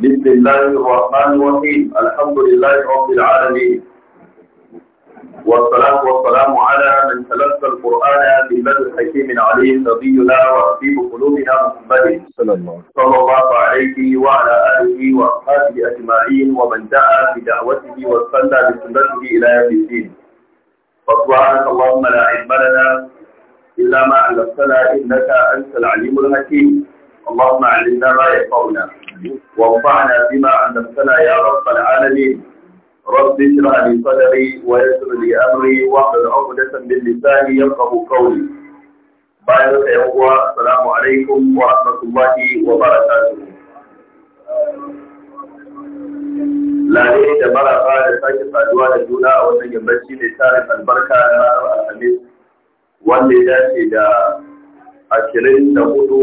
بسم الله الرحمن الرحيم الحمد لله رب العالمين والصلاة والسلام على من تلقى القرآن من الحكيم العليم نبينا وحبيب قلوبنا محمد صلى الله عليه وعلى آله وأصحابه أجمعين ومن دعا بدعوته وصلى بسنته إلى يوم الدين فسبحانك اللهم لا علم لنا إلا ما علمتنا إنك أنت العليم الحكيم اللهم علمنا ما ينفعنا وانفعنا بما علمتنا يا رب العالمين رب اشرح لي صدري ويسر لي امري واحلل عقدة من لساني يفقهوا قولي بعد يا السلام عليكم ورحمة الله وبركاته lare da maraba da sake saduwa da juna a wannan yammaci mai tarin albarka na ranar alhamis wanda ya dace da ashirin da hudu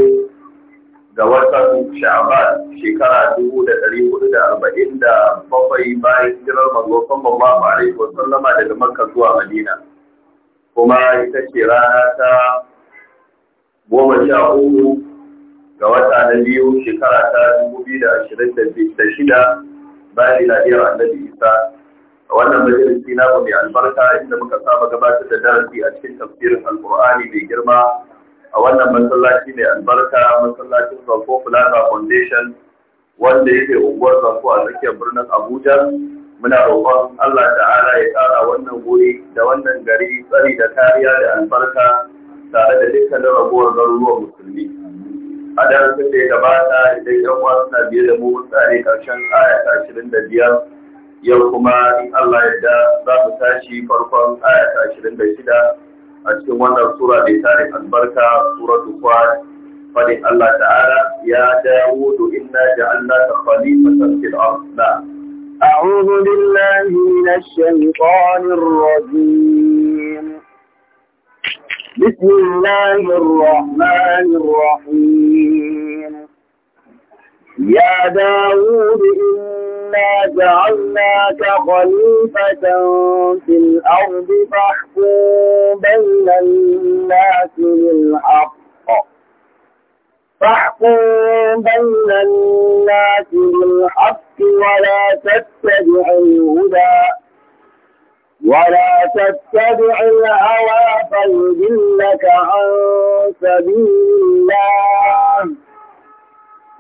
ga watan sha'aban shekara dubu da ɗari hudu da arba'in da bakwai bayan hijirar manzo a alaihi wa sallama daga makka zuwa madina kuma ita ce rana ta goma sha uku ga wata na biyu shekara ta dubu biyu da ashirin da shida bayan miladiyar annabi isa a wannan majalisi na mai albarka inda muka saba gabatar da darasi a cikin tafsirin alkur'ani mai girma a wannan masallaci mai albarka masallacin Zanko Plaza Foundation wanda yake unguwar Zanko a tsakiyar birnin Abuja muna roƙon Allah ta'ala ya ƙara wannan guri da wannan gari tsari da kariya da albarka tare da dukkanin ragowar garuruwan musulmi a darasin da ya gabata idan yan uwa suna biye da mu tsare karshen aya ta ashirin da biyar yau kuma in Allah ya da za mu tashi farkon aya ta ashirin da shida a cikin wannan sura da tare albarka suratul fat fadi Allah ta'ala ya Dawud inna ja'alnaka khalifatan fil ard أعوذ بالله من الشيطان الرجيم بسم الله الرحمن الرحيم يا داود إن إنا جعلناك خليفة في الأرض فاحكم بين الناس بالحق فاحكم بين الناس بالحق ولا تتبع الهدى ولا تتبع الهوى فيضلك عن سبيل الله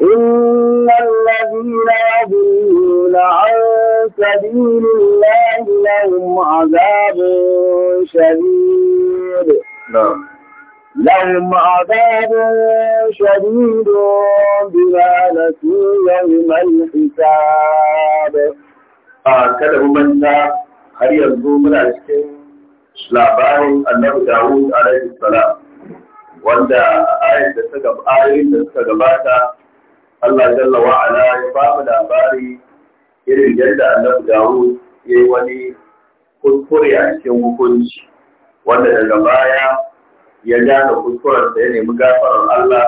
إن الذين يضلون يضل عن سبيل الله لهم عذاب شديد نعم. لهم عذاب شديد بما نسوا يوم الحساب آه، كذا هم انت هل يظلم العشق لابار النبي داود عليه السلام وانت آية تستقب آية تستقباتا الله جل وعلا يفاق الأخبار irin yadda annabi dawo ya yi wani kuskure a cikin hukunci wanda daga baya ya gane kuskuren da ya nemi gafarar Allah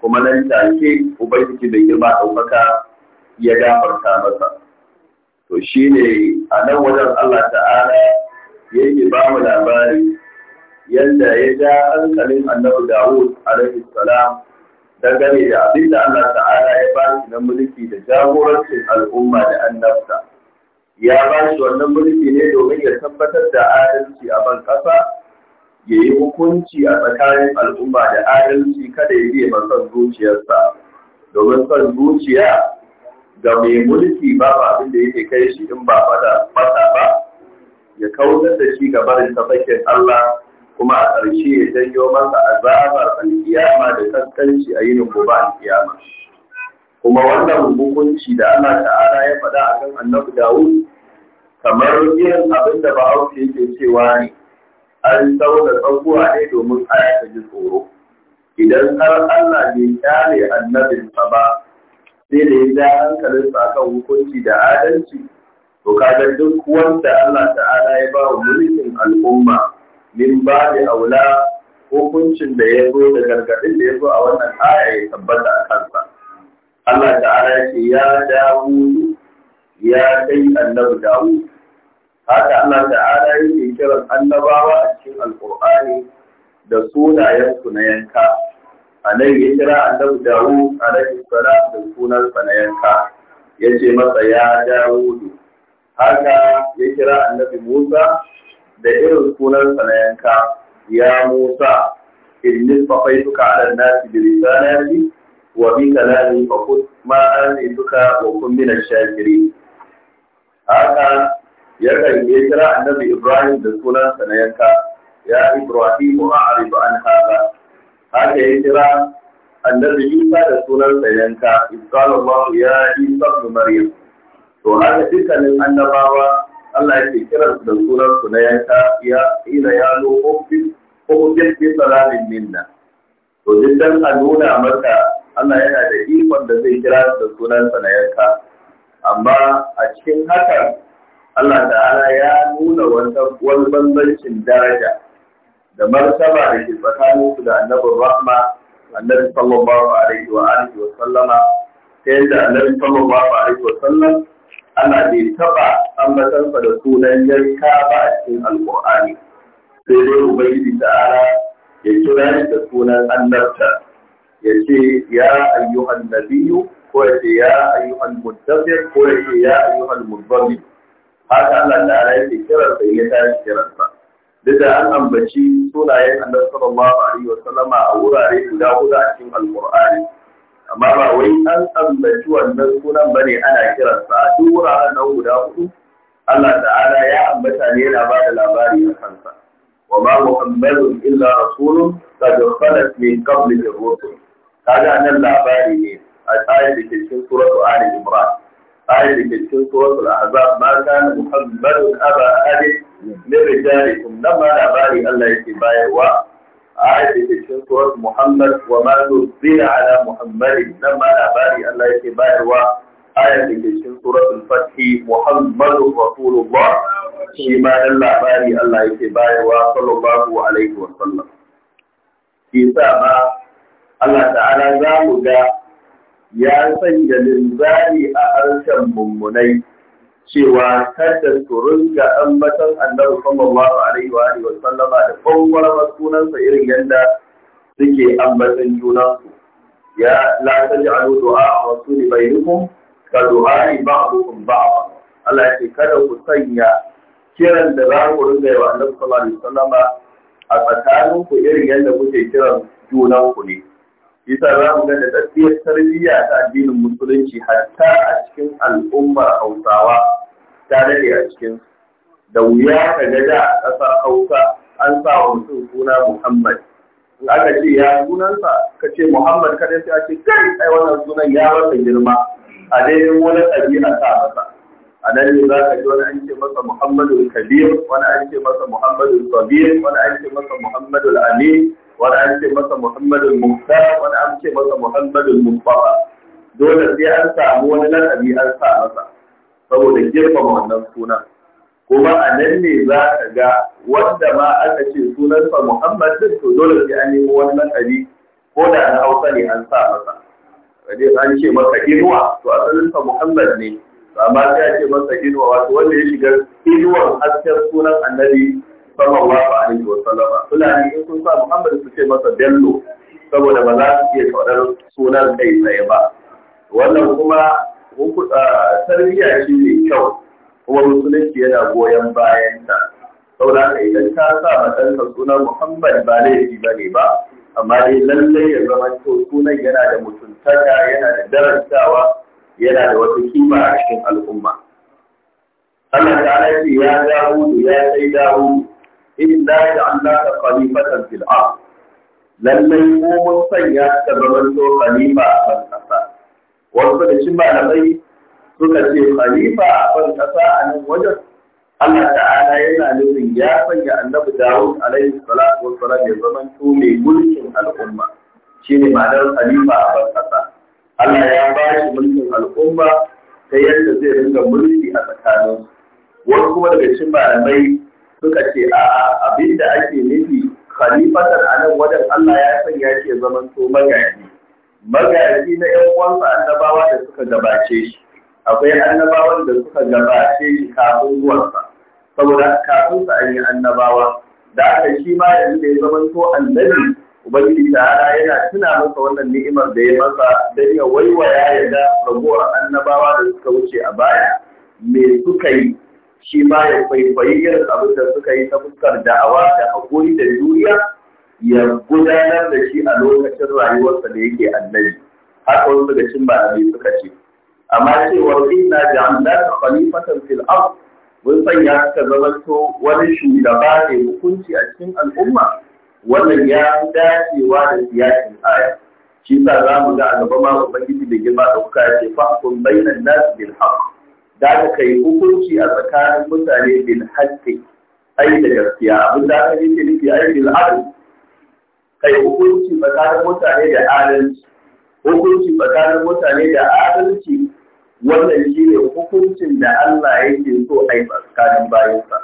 kuma nan take ubangiji bai girma ɗaukaka ya gafarta masa to shine a nan wajen Allah ta'ala yake ba mu labari yadda ya ja hankalin annabi Dawud alaihi salam dangane da abin da Allah ta'ala ya ba shi na mulki da jagorancin al'umma da annabta ya ba shi wannan mulki ne domin ya tabbatar da adalci a ban ƙasa ya yi hukunci a tsakanin al'umma da adalci kada ya biye ma son zuciyarsa domin son zuciya ga mai mulki ba abin da yake kai shi in ba fata ba ya kautar da shi ga barin tafakin Allah kuma a ƙarshe ya janyo masa azabar kiyama da kaskanci a yinin gobe kiyama. kuma wannan hukunci da Allah ta'ala ya faɗa a kan annabi Dawud kamar irin abin da Bahaushe yake cewa ne an sauka tsakuwa ne domin aya ta ji tsoro idan har Allah bai kyale sa ba sai da ya ja hankalinsa akan hukunci da adalci to kaga duk wanda Allah ta'ala ya ba mulkin al'umma min ba da aula hukuncin da ya zo da gargaɗin da ya zo a wannan aya ya tabbata a kansa. Allah ta'ala ya ce ya dawo ya kai annabi dawo. Haka Allah ta'ala ya ke kiran annabawa a cikin Alƙur'ani da sunayensu na yanka. A nan ya kira annabi dawo a rashin kara da sunansa na yanka. Ya ce masa ya dawo Haka ya kira annabi Musa da irin sunansa na yanka ya Musa inni fafaituka ala nasi bi risalati wa bi kalami fa kun ma anzituka wa kun min ash-shakirin haka ya kan ya kira annabi Ibrahim da sunansa na yanka ya Ibrahim a'rid an hada haka ya kira annabi Isa da sunansa yanka ibqala Allah ya Isa ibn Maryam to haka dukkanin annabawa Allah yake kiran da sunan su na yanka ya ila ya lo ofin ofin ke salamin minna to dukkan a nuna maka Allah yana da ikon da zai kira su da sunan sa na yanka amma a cikin haka Allah ta'ala ya nuna wani bambancin daraja da martaba da ke tsakanin su da annabin rahma annabi sallallahu alaihi wa alihi wa sallama ta yadda annabi sallallahu alaihi wa sallam Ana bai taɓa ambatansa da sunan yanka ba a cikin alƙur'ani sai dai ubangiji ta'ala ya kira shi da sunan annabta ya ce ya ayyuhan Nabiyu, ko ya ce ya ayyuhan muddafir ko ya ce ya ayyuhan mudbami haka Allah ta'ala ya ce kiransa ya tashi kiransa duk da an ambaci sunayen annabi sallallahu alaihi wa sallama a wurare guda guda a cikin alƙur'ani amma ba wai an ambaci wannan sunan bane ana kiransa a duk wuraren nan guda hudu Allah ta'ala ya ambata ne yana ba da labari a kansa wa ma muhammadun illa rasulun qad khalat min qablihi rusul kaga nan labari ne a ayar da ke cikin suratul ali imran ayar da ke cikin suratul ahzab ma kana muhammadun aba ahadin min rijalikum nan ma labari Allah yake bayarwa ayat da cikin surat Muhammad wa ma nuzila ala Muhammadin nan ma labari Allah yake bayarwa ayat da ke cikin suratul fathi Muhammadu Rasulullah shi ma dan labari Allah yake bayarwa sallallahu alaihi wa sallam shi sa ma Allah ta'ala za mu ga ya sanya linzari a harshen mummunai cewa kada su rinka ambatan annabi sallallahu alaihi wa alihi wa sallama da kwankwara sunansa irin yadda suke ambatan junansu ya la taj'alu du'a rasuli bainakum ka du'a ba'dukum ba'd Allah ya ce kada ku sanya kiran da za ku rinka yi wa annabi sallallahu alaihi wa sallama a tsakaninku irin yadda kuke kiran junanku ne yasa za mu ga da tarbiyya ta addinin musulunci hatta a cikin al'ummar hausawa ta dade a cikin da wuya ka ga da a ƙasar hausa an sa wa mutum suna muhammad in aka ce ya sunansa ka ce muhammad kada sai a ce kai ai wannan sunan ya rasa girma a daidai wani ɗabi'a ta masa a nan ne za ka ji wani an ce masa muhammadu kabir wani an ce masa muhammadu kabir wani an ce masa muhammadu amin wani an ce masa muhammadu muhtar wani an ce masa muhammadu mustafa dole sai an samu wani lakabi an sa masa saboda girmama wannan suna kuma a nan ne za ka ga wanda ma aka ce sunansa muhammad din to dole sai an nemi wani lakabi ko da na hausa ne an sa masa an ce masa inuwa to asalinsa muhammad ne amma sai ya ce masa inuwa wato wanda ya shiga inuwar hasken sunan annabi sallallahu alaihi wa sallama fulani in sun sa muhammad su ce masa bello saboda ba za su iya kaunar sunan kai tsaye ba wannan kuma tarbiyya shi ne kyau kuma musulunci yana goyon bayanta. ta saboda haka idan ka sa ma sunan muhammad ba laifi ba ne ba amma dai lallai ya zama to sunan yana da mutuntaka yana da darasawa yana da wata kima a cikin al'umma Allah ta alaƙi ya Dawudu ya sai dawo in da ya Allah ta khalifatan fil ard lallai mu mun sanya ta zama to khalifa a kan kasa wasu da shi malamai suka ce khalifa a kan kasa a nan wajen Allah ta'ala yana nufin ya sanya annabi Dawud alaihi salatu wassalam ya zama to mai mulkin al'umma shine ma'anar khalifa a kan kasa Allah ya ba shi mulkin al'umma ta yadda zai ringa mulki a tsakanin wasu kuma daga cikin malamai suka ce a abin da ake nufi khalifatan a nan wajen Allah ya sanya shi zaman to magaji magaji na ƴan uwansa annabawa da suka gabace shi akwai annabawan da suka gabace shi kafin zuwansa saboda kafin sa an yi annabawa da aka shi ma yanzu da ya zaman to annabi ubangiji ta'ala yana tuna masa wannan ni'imar da ya masa don ya waiwaya ya ga ragowar annabawa da suka wuce a baya me suka yi shi ma ya kwaikwayi irin abin da suka yi ta fuskar da'awa da haƙuri da juriya ya gudanar da shi a lokacin rayuwarsa da yake annabi haka wasu daga cin malamai suka ce amma cewar inna ka khalifatan fil ard mun sanya ka zamanto wani shugaba ne hukunci a cikin al'umma wannan ya fi dacewa da siyasin aya shi sa za mu ga a gaba ma ubangiji da girma da kuka ya ce fahkum bainan nas bil haqq da ka kai hukunci a tsakanin mutane bil haqqi ai da gaskiya abin da aka yi nufi ai bil adl kai hukunci tsakanin mutane da adalci hukunci tsakanin mutane da adalci wannan shi ne hukuncin da Allah yake so a yi tsakanin bayansa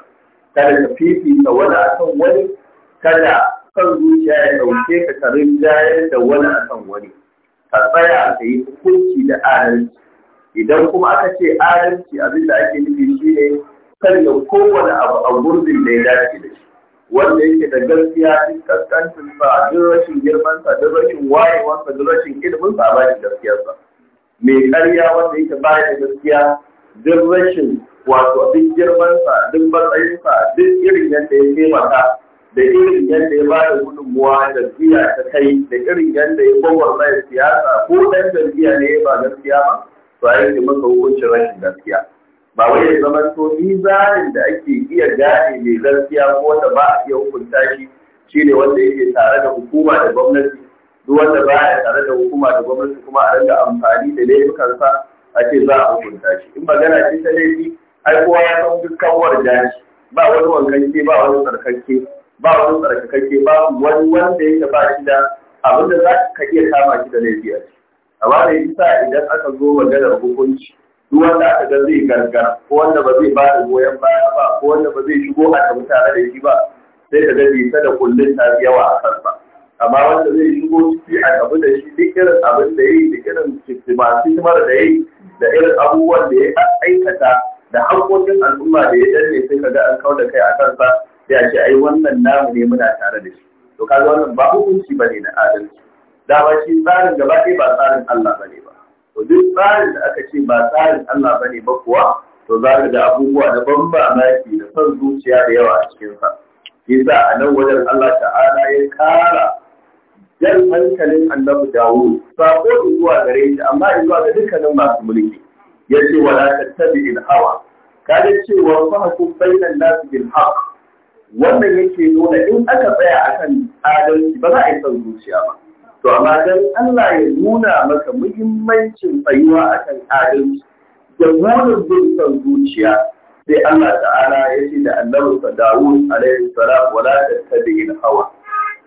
kada ka fifita wani akan wani kada kan zuciya ya ɗauke ka ka rinjayar da wani akan wani ka tsaya ka yi hukunci da adalci idan kuma aka ce adalci abin da ake nufi shi ne sanya kowane abu a gurbin da ya dace da shi wanda yake da gaskiya duk kaskancin sa duk rashin girman sa duk rashin wayewar sa duk rashin ilimin sa ba shi gaskiyar sa mai ƙarya wanda yake ba da gaskiya duk rashin wato duk girman sa duk matsayin sa duk irin yadda ya taimaka da irin yadda ya bada gudunmuwa da biya ta kai da irin yadda ya bawa mai siyasa ko ɗan jam'iyya ne ba gaskiya ba to a ne masa hukuncin rashin gaskiya ba wai ya zama to da ake iya gane mai gaskiya ko wanda ba a iya hukunta shi shine wanda yake tare da hukuma da gwamnati duk wanda ba ya tare da hukuma da gwamnati kuma a rinka amfani da laifukansa a ce za a hukunta shi in magana ce ta laifi ai kowa ya san dukkan warjaji ba wani wankanke ba wani tsarkake ba wani tsarkakakke ba wani wanda yake ba shi da abin da za ka iya kama shi da laifi a ciki amma da yasa idan aka zo maganar hukunci duk wanda aka ga zai gargara ko wanda ba zai ba da goyon baya ba ko wanda ba zai shigo a kan tare da shi ba sai ka ga bisa da kullun ta yawa a kansa amma wanda zai shigo ciki a tabi da shi duk irin abin da yayi duk irin hikimar da yayi da irin abubuwan da ya aikata da hankokin al'umma da ya danne sai ka ga an kau da kai a kansa sai a ce ai wannan namu ne muna tare da shi to kaga wannan ba hukunci bane na adalci dama shi tsarin gaba ɗaya ba tsarin Allah bane ba to duk tsarin da aka ce ba tsarin Allah bane ba kuwa to za ka ga abubuwa da ban mamaki da son zuciya da yawa a cikin sa shi a nan wajen Allah ta'ala ya kara jan hankalin annabi Dawud sako zuwa gare shi amma zuwa ga dukkanin masu mulki yace wala tattabi'il hawa kaga cewa fa hukum bainan nas bil haqq wannan yake nuna in aka tsaya akan adalci ba za a yi son zuciya ba to amma dan Allah ya nuna maka muhimmancin tsayuwa akan adalci da burin son zuciya sai Allah ta'ala ya ce da annabi sa Dawud alaihi salam wala tattabi'il hawa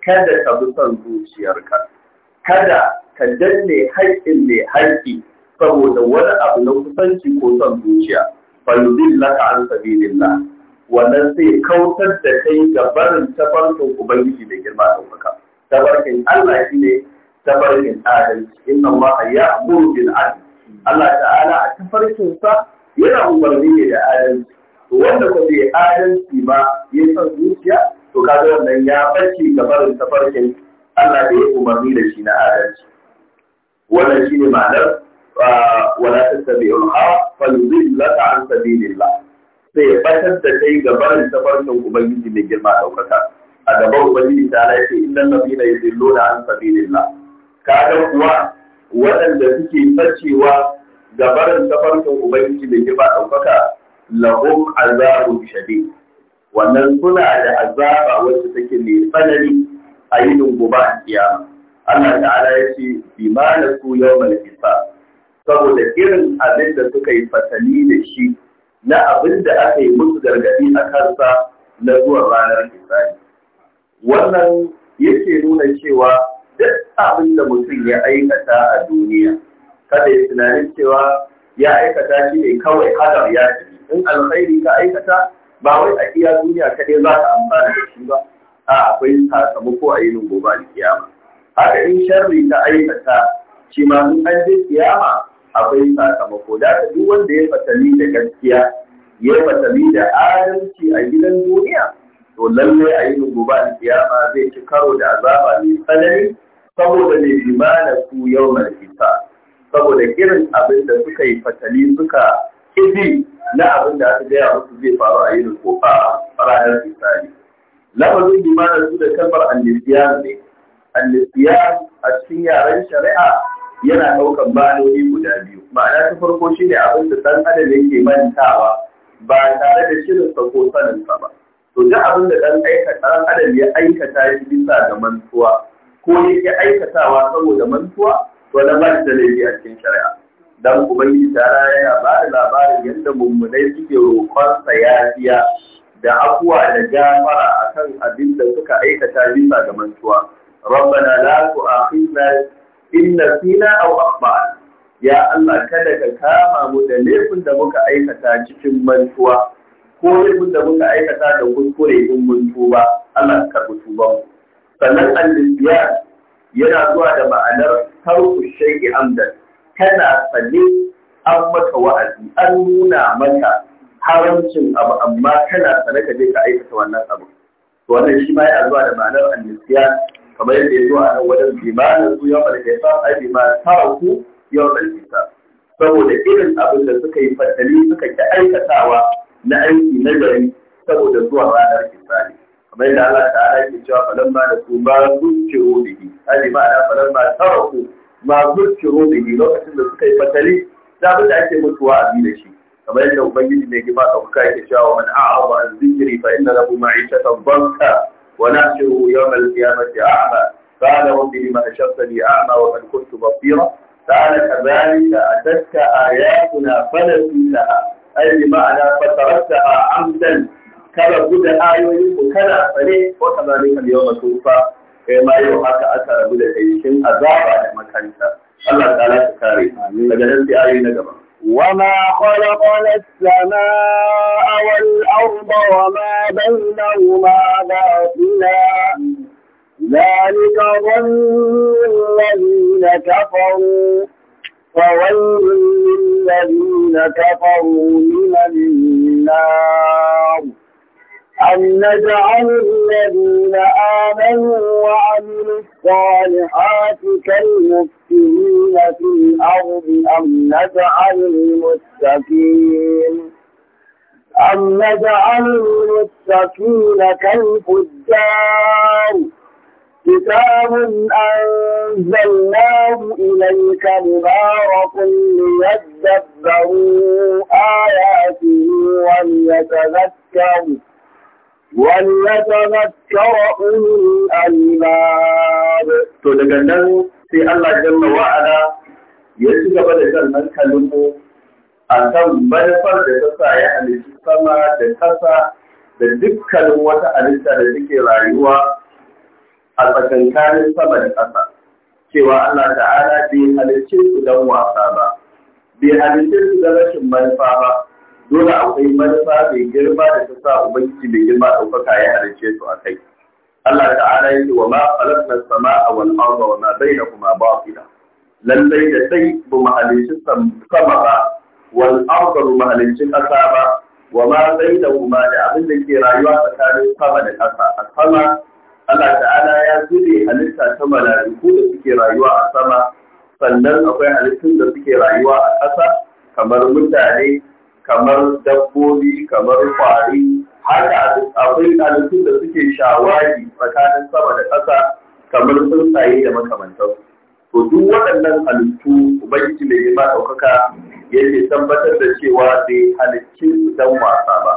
kada ka bi son zuciyarka kada ka danne haƙƙin mai haƙƙi saboda wani abu na kusanci ko son zuciya fa yudillaka an sabilillah wannan sai kautar da kai ga barin tafarkin ubangiji da girma da maka tafarkin Allah shi ne tafarkin adalci In Allah ya amuru bil adl Allah ta'ala a tafarkin sa yana umarni ne da adalci wanda ko bai adalci ba ya san zuciya to kaga wannan ya barke ga barin tafarkin Allah da ya umarni da shi na adalci wannan shine ma'anar ah, wala tattabi'ul hawa fa yudillaka an sabilillah sai batar da kai ga barin tabarkin ubangiji mai girma daukaka a gaban ubangiji ta ala ce innal ladina yudilluna an sabilillah kaga kuwa waɗanda suke bacewa ga barin tabarkin ubangiji mai girma daukaka lahum azabu shadid wannan suna da azaba wacce take mai tsanani a yi gobe a kiyama Allah ta'ala ya ce bi ma na su yau mai saboda irin abin da suka yi fatali da shi na abin da aka yi musu gargaɗi a kansa na zuwa ranar Isra'i. wannan yake nuna cewa duk abin da mutum ya aikata a duniya kada ya tunanin cewa ya aikata shi ne kawai hadar ya ce, in alkhairi ka aikata ba wai a iya duniya kaɗai za ka amfana da shi ba a akwai sakamako a yinin gobe da kiyama haka in sharri ka aikata shi ma in an je kiyama akwai sakamako da duk wanda ya fatali da gaskiya ya fatali da adalci a gidan duniya to lallai a yi gobe alkiyama zai ci karo da azaba mai tsanani saboda mai limana su yau mai saboda irin abin da suka yi fatali suka kifi na abin da aka gaya musu zai faru a yin ko a ranar fitari lafazin limana su da kalmar annisiyan ne annisiyan a cikin yaren shari'a yana ɗaukar ma'anoni guda biyu ma'ana ta farko shi ne abin da ɗan adam yake mantawa ba tare da shirinsa ko saninsa ba to duk abin da ɗan ɗan adam ya aikata shi bisa ga mantuwa ko yake aikatawa saboda mantuwa to na ba da laifi a cikin shari'a dan ubangiji ta yana ba da labarin yadda mummunai suke roƙon yafiya da afuwa da gafara akan abin da suka aikata bisa ga mantuwa ربنا لا تؤاخذنا inna fina aw akhbar ya Allah kada ka kama mu da laifin da muka aikata cikin mantuwa ko laifin da muka aikata da kuskure in mun tuba Allah ka kutu ba mu sannan al yana zuwa da ma'anar tarku shay'i amdan kana sane an maka wa'azi an nuna maka haramcin abu amma kana sanaka ka je ka aikata wannan abu to wannan shi ma ya zuwa da ma'anar al kamar yadda ya zo a nan wajen limanin su yau mai kaifa a limanin taraku yau mai kaifa saboda irin abin da suka yi fatali suka ki aikatawa na aiki na gari saboda zuwa ranar kisani kamar yadda Allah ta'ala yake cewa falan ma da su ba su ciro bihi hali ma da falan ma taraku ma su ciro bihi lokacin da suka yi fatali da abin da ake mutuwa a bi da shi kamar yadda ubangiji mai gima ɗaukaka yake cewa man a'a wa an zikiri fa inna lahu ma'ishatan banka ونحشره يوم القيامة أعمى قال رب لم أشرتني أعمى وقد كنت بصيرا قال كذلك أتتك آياتنا فنسيتها أي بمعنى فتركتها عمدا كما بدا آيوي وكذا فليه وكذلك اليوم توفى ما يوحك أثر بدا أي شيء أذاب على مكانك الله تعالى تكاري فجلس آيوي نجمه وما خلقنا السماء والأرض وما بينهما باطلا ذلك ظن الذين كفروا فويل للذين كفروا من النار أن نجعل الذين آمنوا وعملوا الصالحات كالمفسدين في الأرض أم نجعل المتقين أم نجعل المتقين كالفجار كتاب أنزلناه إليك مبارك ليدبروا آياته وليتذكروا To daga nan, وليتذكر أولو الألباب تلقنا ya الله جل da يسجى بدأ من a kan manufar da ta sa ya halittu sama da ƙasa da dukkanin wata halitta da suke rayuwa a tsakankanin sama da kasa cewa Allah ta'ala bai halicce su don wasa ba bai halicce su da rashin manufa ba dole akwai manufa mai girma da ta sa ubangiji mai girma ɗaukaka ya halarce su a kai Allah ta'ala yake wa ma khalaqna as-samaa wal arda wa ma bainahuma batila lallai da sai bu mahalicci sama ba wal arda bu mahalicci ƙasa ba wa ma bainahuma da abin da ke rayuwa tsakanin sama da ƙasa a sama Allah ta'ala ya zube halitta ta malaiku da suke rayuwa a sama sannan akwai halittun da suke rayuwa a ƙasa kamar mutane kamar dabbobi kamar kwari haka da halittun da suke shawagi tsakanin sama da ƙasa kamar tsuntsaye da makamantar, to duk waɗannan halittu ubangiji mai girma ɗaukaka yake tabbatar da cewa bai halicci su dan wasa ba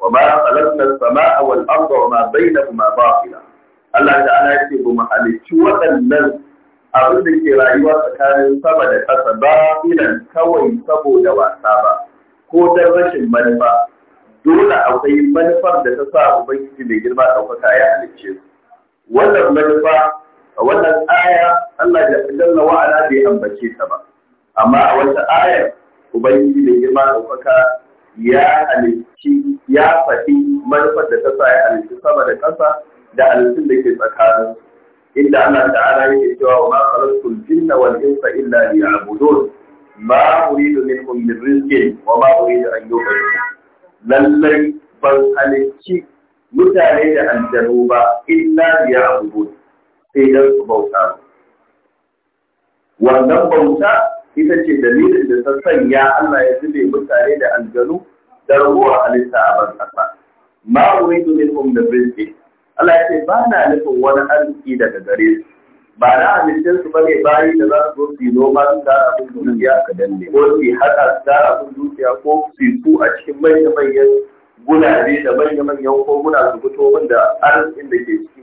wa ma khalaqna as-samaa wal arda wa ma bainahuma batila Allah ta'ala yake ba mu halicci waɗannan abin da ke rayuwa tsakanin sama da ƙasa ba idan kawai saboda wasa ba ko don rashin manufa dole akwai manufar da ta sa ubangiji mai girma ɗaukaka ya halicce su wannan manufa a wannan aya Allah ya jalla wa ala bai ambace ta ba amma a wata ayar ubangiji mai girma ɗaukaka ya halicci ya faɗi manufar da ta sa ya halicci sama da ƙasa da halittun da ke tsakanin inda Allah ta'ala yake cewa ma khalaqtul jinna wal insa illa liya'budun ma uridu minhum min rizqin wa ma uridu an yuqridu lallai ban halicci mutane da aljanu ba illa liya'budun sai dan su bauta wannan bauta ita ce dalilin da ta sanya Allah ya zube mutane da aljanu da ruwa halitta a ban kasa. Ma uridu minhum da rizqi. Allah ya ce ba na nufin wani arziki daga gare su. ba na amincin su bane bayi da za su su noma su tara abin dukiya ka danne ko su haɗa su tara abin dukiya ko su su a cikin manya manyan gulabe da manya manyan koguna su fito min da arzikin da ke ciki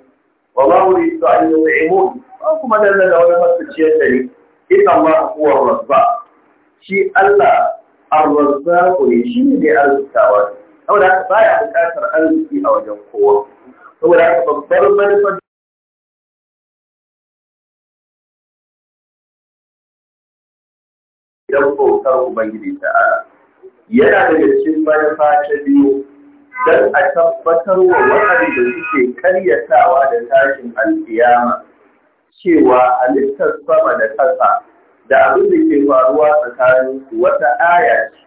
wa ma wuri su an yi tsaimu ba kuma dalla da wani masu ciyar da ni ita ma kuwa rabba shi Allah ko ne shi ne dai arzikawa saboda haka baya buƙatar arziki a wajen kowa saboda haka babbar manufar bautar Ubangiji ta'ala. Yana daga cikin manufa ta biyu don a tabbatar wa waɗanda suke karyatawa da tashin alkiyama cewa halittar sama da ƙasa da abin da ke faruwa tsakanin wata aya ce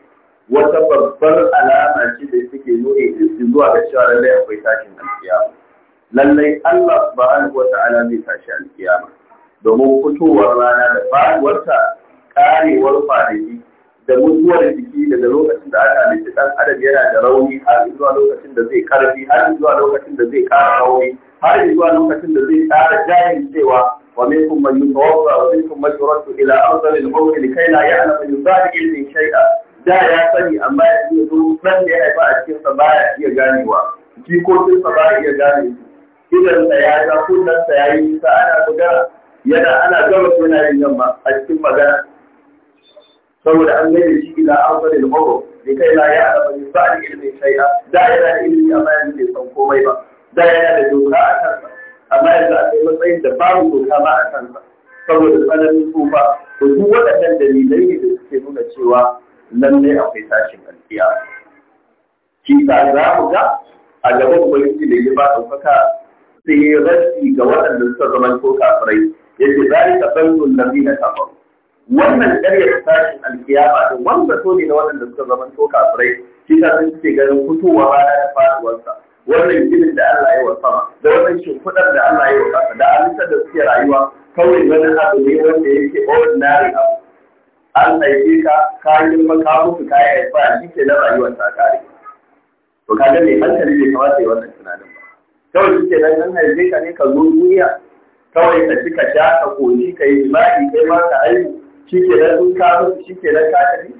wata babbar alama ce da suke nuni zuwa ga cewa lallai akwai tashin alkiyama lallai Allah subhanahu wa ta'ala zai tashi alkiyama domin fitowar rana da faruwarta karewar kwanaki da mutuwar jiki daga lokacin da aka halitta dan adam yana da rauni har zuwa lokacin da zai karfi har zuwa lokacin da zai kara rauni har zuwa lokacin da zai kara jayin cewa wa minkum man yutawaffa wa minkum man yuraddu ila ardhil maut likay la ya'lamu min ba'di ilmin shay'a da ya sani amma yanzu zo dan da ya haifa a cikin sa baya iya ganewa jikokin sa baya iya gane idan sa ya ga kullun sa yayi sa ana buga yana ana gaba yana yin yamma a cikin magana saboda an gaida shi ila asali da mago da kai la ya alama ne ba da ilimin shai'a da yana da ilimi amma yanzu bai san komai ba da yana da doka a kansa amma yanzu a kai matsayin da babu doka ba a kansa saboda tsananin tsufa to duk waɗannan dalilai ne da suke nuna cewa lallai akwai tashin alkiya shi sa za mu ga a gaban ubangiji da ya ba ɗaukaka sai ya rasi ga waɗanda suka zama ko kafirai yake zalika bayyul ladina kafaru wannan ƙaryar tashin alkiyama da wanda so ne da waɗanda suka zama to kafirai shi ta sun ce ganin fitowa rana da faduwarsa wannan ginin da Allah ya wa sama da wannan shimfiɗar da Allah ya wa sama da halittar da suke rayuwa kawai wani abu ne wanda yake ordinary abu an aike ka ka kayan maka musu kaya ya fa shi ke na rayuwar ta kare to kaga mai hankali bai kamata ya wannan tunanin ba kawai shi nan an haife ka ne ka zo duniya kawai ka ci ka sha ka koyi ka yi jima'i kai ma ka aiki shi ke nan sun kawo su shi ke nan ka tafi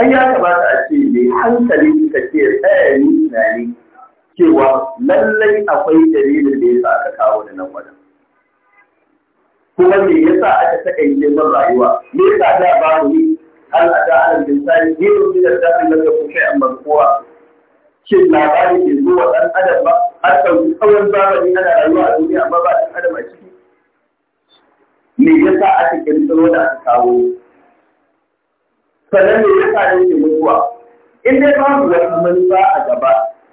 an ya kamata a ce mai hankali ka ce tsaya ni tunani cewa lallai akwai dalilin da ya sa aka kawo da nan wajen kuma me ya sa aka saka yi neman rayuwa me ya sa da ba mu yi Har a da alal binsani ne mu bi da zaɓin nan da kuka yi amma kowa shin labarin ke zo wa ɗan adam ba har ɗauki tsawon zamani ana me yasa aka tsoro da aka kawo sannan me ya sa ke mutuwa in dai babu wata manufa a gaba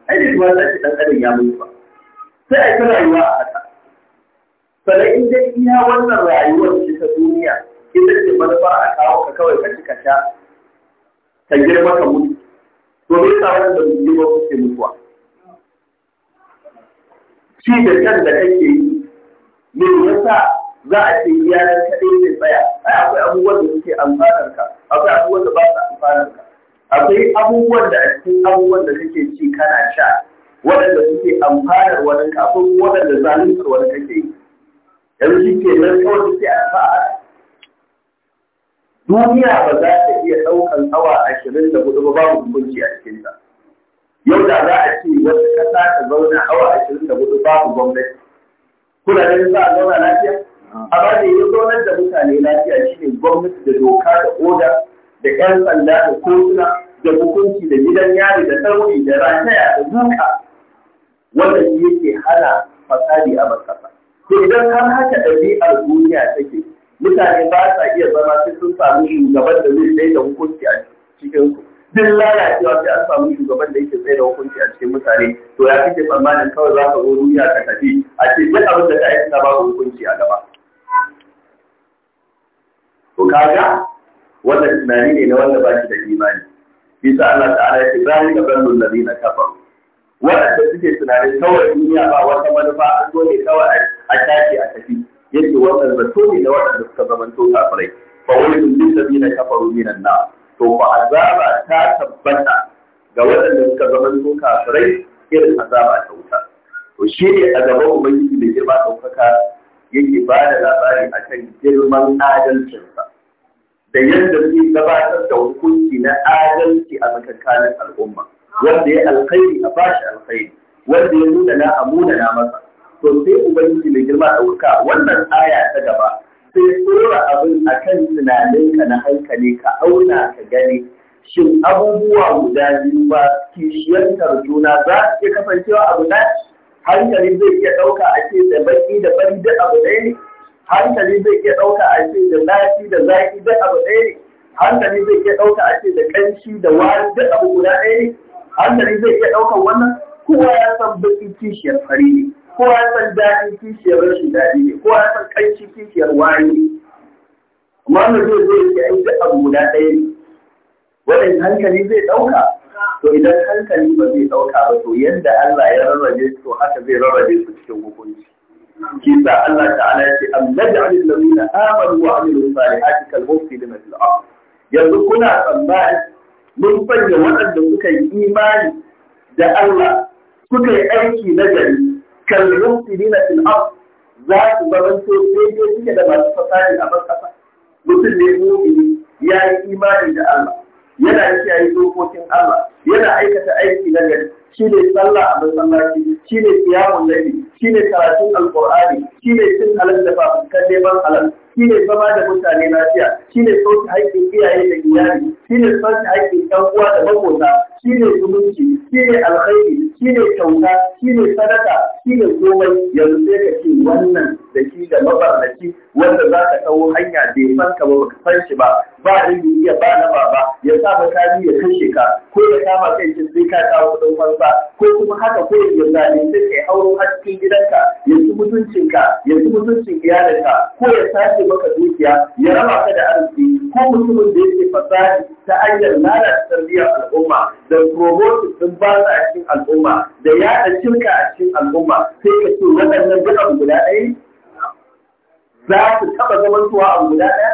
ai da kuma zai dan adam ya mutu sai a kira rayuwa a haka sannan in dai iya wannan rayuwar ce ta duniya Inda da ke manufa a kawo ka kawai ka ci ka sha ka girma ka mutu to me yasa wannan da mutu ba kuke mutuwa shi da kan da kake yi me yasa za a ce ya kaɗai zai tsaya ai akwai abubuwan da suke amfanar ka akwai abubuwan da ba su amfanar ka akwai abubuwan da a cikin abubuwan da kake ci kana sha waɗanda suke amfanar wani ka akwai waɗanda zaluntar wani kake yi yanzu shi ke nan kawai suke a sa'a duniya ba za ta iya ɗaukan awa ashirin da hudu ba babu hukunci a cikin ta. yau da za a ce wata ƙasa ta zauna awa ashirin da hudu babu gwamnati kuna ganin za a zauna lafiya amma da ya zaunar da mutane lafiya shine gwamnati da doka da oda da ƴan sanda da kotuna da hukunci da gidan yari da sauri da rataya da duka wanda shi yake hana fasadi a makasa to idan har haka ɗabi'ar duniya take mutane ba sa iya zama sai sun samu shugaban da zai tsaye da hukunci a cikin su duk lalacewa sai an samu shugaban da yake tsaye da hukunci a cikin mutane to ya kake tsammanin kawai za ka zo duniya ka tafi a ce duk abin da ka aikata babu hukunci a gaba to kaga wannan tunani ne na wanda ba shi da imani bisa Allah ta'ala ya ce zalika zannul ladina kafaru Wanda suke tunanin kawai duniya ba wata manufa an zo ne kawai a tashi a tafi yake wannan zato ne na waɗanda suka zamanto kafirai fa wailul lil ladina kafaru minan na. to fa azaba ta tabbata ga waɗanda suka zamanto kafirai irin azaba ta wuta to shi ne a gaban ubangiji da girma ɗaukaka yake ba da labari kan girman adalcinsa da yadda zai gabatar da hukunci na adalci a tsakankanin al'umma wanda ya alkhairi a bashi alkhairi wanda ya nuna na amuna na masa to sai ubangiji mai girma ɗauka wannan aya ta gaba sai tsora abin a kan tunaninka na hankali ka auna ka gani shin abubuwa guda biyu ba kishiyantar juna za su iya kasancewa abu na hankali zai iya ɗauka a ce da baki da bari duk abu ɗaya ne hankali zai iya ɗauka a ce da zafi da zaki duk abu ɗaya ne hankali zai iya ɗauka a ce da ƙanshi da wari duk abu guda ɗaya ne hankali zai iya ɗaukan wannan kowa ya san baƙin kishiyar fari ne kowa ya san daɗin kishiyar rashin daɗi ne kowa ya san ƙanshi kishiyar wari ne amma mu zai zai ce yi duk abu guda ɗaya ne wannan hankali zai ɗauka to idan hankali ba zai ɗauka ba to yadda Allah ya rarrabe su to haka zai rarrabe su cikin hukunci kisa Allah ta'ala ya ce am naj'alil ladina amanu wa amilus salihati kal mufsidina fil ardh yanzu kuna tsammani mun fanya waɗanda suka yi imani da Allah suka yi aiki na gari kal mufsidina fil ardh za su zamanto daidai suke da masu fasadi a ban mutum ne mu'mini ya yi imani da Allah yana kiyaye dokokin Allah yana aikata aiki na gari ne sallah a masallaci shine siyamun shi shine karatun shi ne cin halal da fafukan neman halal ne zama da mutane lafiya shi ne sauki haƙƙin iyaye da iyali shi ne son ake ɗan uwa da makota shi ne zumunci shi ne alkhairi shi ne kyauta shi ne sadaka shi ne komai yanzu sai ka ce wannan da shi da mabarnaci wanda za ka ɗau hanya da san ka ba ka san shi ba ba rini iya ba na ba ya sa makami ya kashe ka ko ya kama kai ce sai ka kawo ɗan fansa ko kuma haka ko ya zane sai kai hauro a cikin gidanka ya ci mutuncinka ya ci mutuncin iyalinka ko ya sace maka dukiya ya raba ka da arziki ko mutumin da yake fasari ta hanyar lalata tarbiyyar al'umma da promoting ɗin ba a cikin al'umma da yaɗa cirka a cikin al'umma sai ka ce waɗannan duk guda ɗaya za su taɓa zamantowa abu guda ɗaya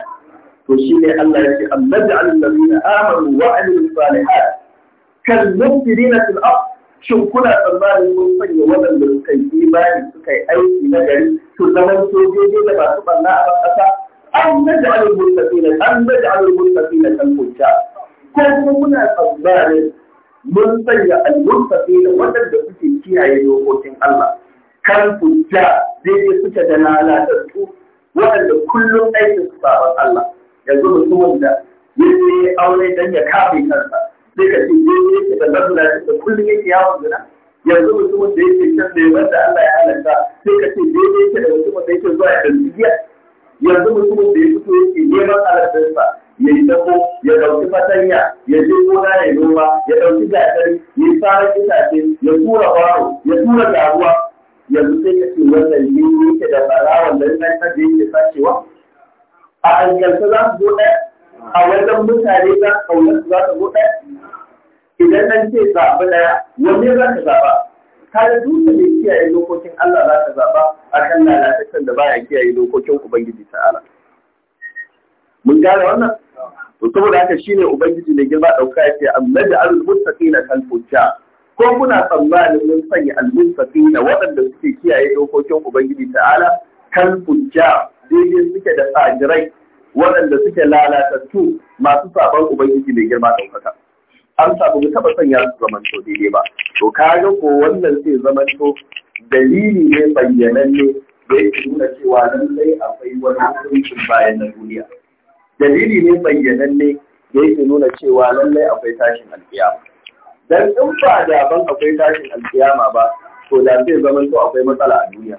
to shi ne Allah ya ce amma da allazina amanu wa amilus salihat kan mubtirina na ardh shin kuna tsammanin mun sanya waɗanda suka yi imani suka yi aiki na gari su zaman sojoji da masu ɓanna a ƙasa an naj'al al-muttaqina an naj'al al-muttaqina kal ko kuma muna tsammanin mun sanya al-muttaqina wadanda suke kiyaye dokokin Allah kan fujja daidai suke da lalatattu waɗanda kullum aikin su sabon Allah yanzu mutumin da yake aure dan ya kafe kansa sai ka ce yake da lalatattu da kullum yake yawon zina yanzu mutumin da yake shan lebar da Allah ya halatta sai ka ce daidai yake da mutumin da yake zuwa ya ɗan yanzu mutum da ya fito yake neman alaƙarsa ya yi dako ya ɗauki fatanya ya je gona ya noma ya ɗauki gasar, ya yi fara itace ya tura baro ya tura garuwa yanzu sai ka ce wannan ne yake da wanda ya nan da yake sacewa a alƙalta za su zo ɗaya a wajen mutane za su kaunar su za su zo ɗaya idan nan ce zaɓi ɗaya wanne za ka zaɓa kada duk da kiyaye dokokin Allah za ta zaba akan lalataccen da baya kiyaye dokokin Ubangiji ta'ala mun gane wannan to saboda haka shi ne ubangiji mai girma dauka ya ce amma da al na kal ko kuna tsammanin mun sanya al na waɗanda suke kiyaye dokokin ubangiji ta'ala kal fujja daidai suke da tsadirai, waɗanda suke lalatattu masu sabon ubangiji mai girma ɗaukaka. an samu mu taɓa sanya su zamanto daidai ba to ka ga ko wannan zai zamanto dalili ne bayyananne da nuna cewa lallai akwai wani hukuncin bayan na duniya dalili ne bayyananne da yake nuna cewa lallai akwai tashin alkiyama dan in ba da ban akwai tashin alkiyama ba to da zai zamanto akwai matsala a duniya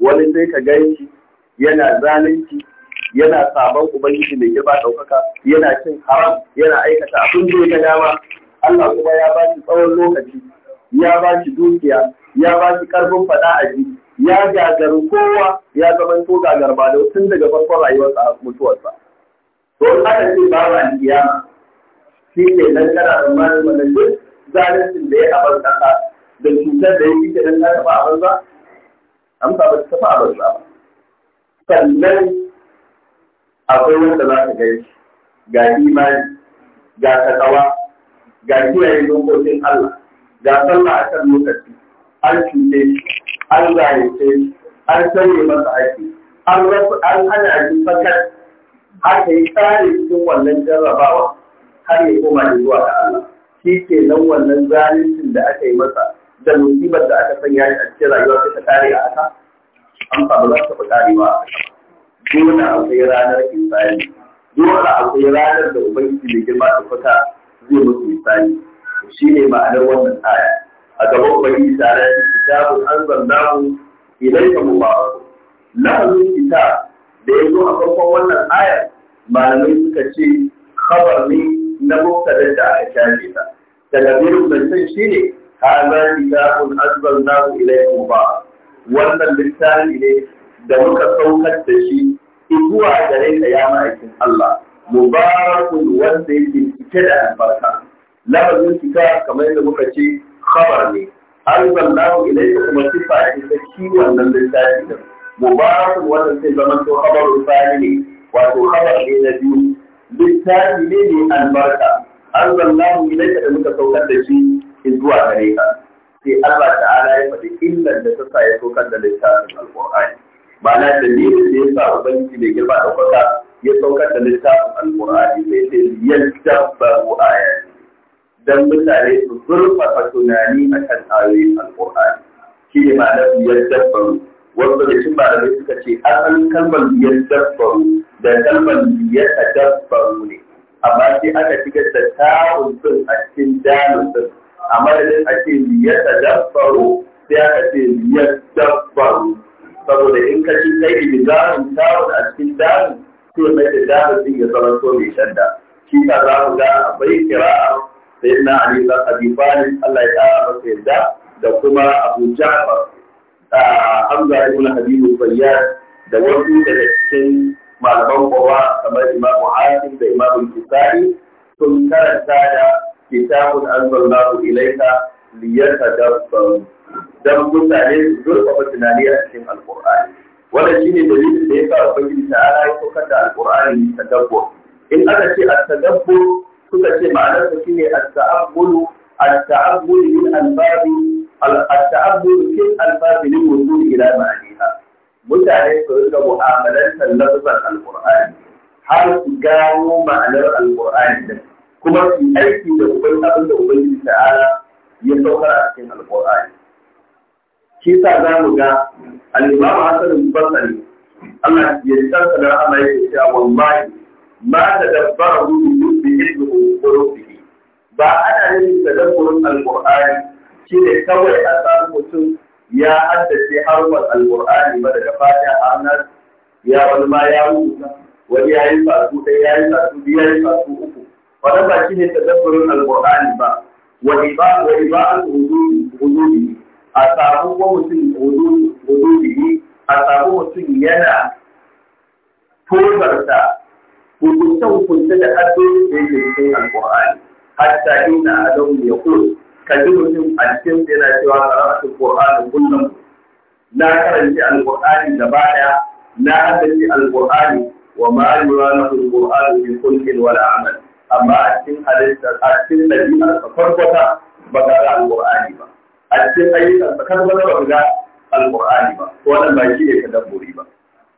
wani sai ka ganci yana zalunci yana sabon ubangiji mai girma ɗaukaka yana cin haram yana aikata abin da ya dama Allah kuma ya ba shi tsawon lokaci ya ba shi dukiya ya ba shi karfin faɗa a ji ya gagaru kowa ya zama to gagar ba da tun daga farkon rayuwarsa a mutuwarsa to in ce ba ba ya shi ne nan kana tsammanin wannan da zalunci da ya abar kasa da cutar da yake nan ta ba a banza amsa ba ta ba a banza ba sannan akwai wanda za ka gani ga imani ga takawa ga kiyaye dokokin Allah ga sallah a kan lokaci an cuce shi an zayyace shi an sauye masa aiki an rasu an hana shi fakar Haka yi tsari cikin wannan jarrabawa har ya koma da zuwa ga Allah shi ke nan wannan zalincin da aka yi masa da musibar da aka sanya shi a cikin rayuwa ta kare a haka an samu za ta fi karewa a haka dole akwai ranar insani dole akwai ranar da ubangiji mai girma da fata zai musu insani shi ne ma'anar wannan aya a gaban ubangiji tare da kitabun an zannahu ilaika mubarak lafazin kitab da ya zo a farkon wannan ayar malamai suka ce khabar ne na mubtada da aka shafe ta daga biyu zancen shi ne hadha kitabun anzalnahu ilayka mubarak wannan littafi ne da muka saukar da shi zuwa gare ka ya ma'aikin Allah mubarakun wanda yake cike da albarka lafazin cika kamar yadda muka ce khabar ne anzalnahu ilayka kuma sifa ce ta shi wannan littafi din mubarakun wanda zai zama to khabarun sani ne wato khabar ne na biyu littafi ne mai albarka anzalnahu ilayka da muka saukar da shi zuwa gare ka sai Allah ta'ala ya faɗi illar da ta sa ya saukar da littafin alqur'ani ba na dalilin da ya sa ubangiji mai girma ɗaukaka ya saukar da littafin alƙur'ani mai ce yadabbaru ne, dan mutane su zurfafa tunani kan ayoyin alƙur'ani shi ne ma'ana ma'anar yadabbaru wasu da shi malamai suka ce asalin kalmar yadabbaru da kalmar yadabbaru ne amma sai aka shigar da ta'un sun a cikin dalin sun a madadin a ce yadabbaru sai aka ce yadabbaru saboda in ka ci kai ibizarin tawon a cikin dami sai mai da dami din ya zama so mai shadda shi ka za mu ga akwai a sai na ali bin abi Allah ya kara masa yadda da kuma Abu Ja'far Hamza ibn Habibu Bayyad da wasu daga cikin malaman kowa kamar Imam Hakim da Imam Bukhari sun karanta da kitabun anzalallahu ilayka liyatadabbaru don mutane su zurfafa tunani a cikin alkur'ani wannan shine dalilin da ya sa ubangiji ta ala ya saukar da alkur'ani tadabbur in aka ce at-tadabbur suka ce ma'anar sa shine at-ta'abbulu at-ta'abbulu min al-babi at-ta'abbulu fi al-babi lil wujud ila ma'aniha mutane su rika mu'amalantar lafazan alkur'ani har su gano ma'anar alkur'ani din kuma su aiki da ubangiji abin da ubangiji ta'ala ya saukar a cikin alkur'ani Kisa sa za mu ga al-imam basari Allah ya tsarka da rahama ya ce wallahi ma tadabbara bi ilmihi wa fiye ba ana yin dabbarun al-qur'ani ne kawai a tsarin mutum ya haddace harfar al-qur'ani ba daga fata a nan ya wani ma ya rubuta wani ya yi fasu ɗaya ya yi fasu biyu ya yi fasu uku wannan ba ne tadabburin al-qur'ani ba Wani ba wa iba al-hududi a samu ko mutum wudubihi a samu mutum yana tozarta hukunce-hukunce da addu'o'i da yake cikin alƙur'ani hatta inna adam ya kul kaji mutum a cikin yana cewa karatu qur'ani kullum na karanci alƙur'ani da baya na haddace alƙur'ani wa ma yura lahu alƙur'ani bi kullin amal amma a cikin halitta a cikin dabi'ar ka farkota ba ga alƙur'ani ba a cikin ayyukan sa kan wani ba ga alqur'ani ba wannan ba shi ne tadabburi ba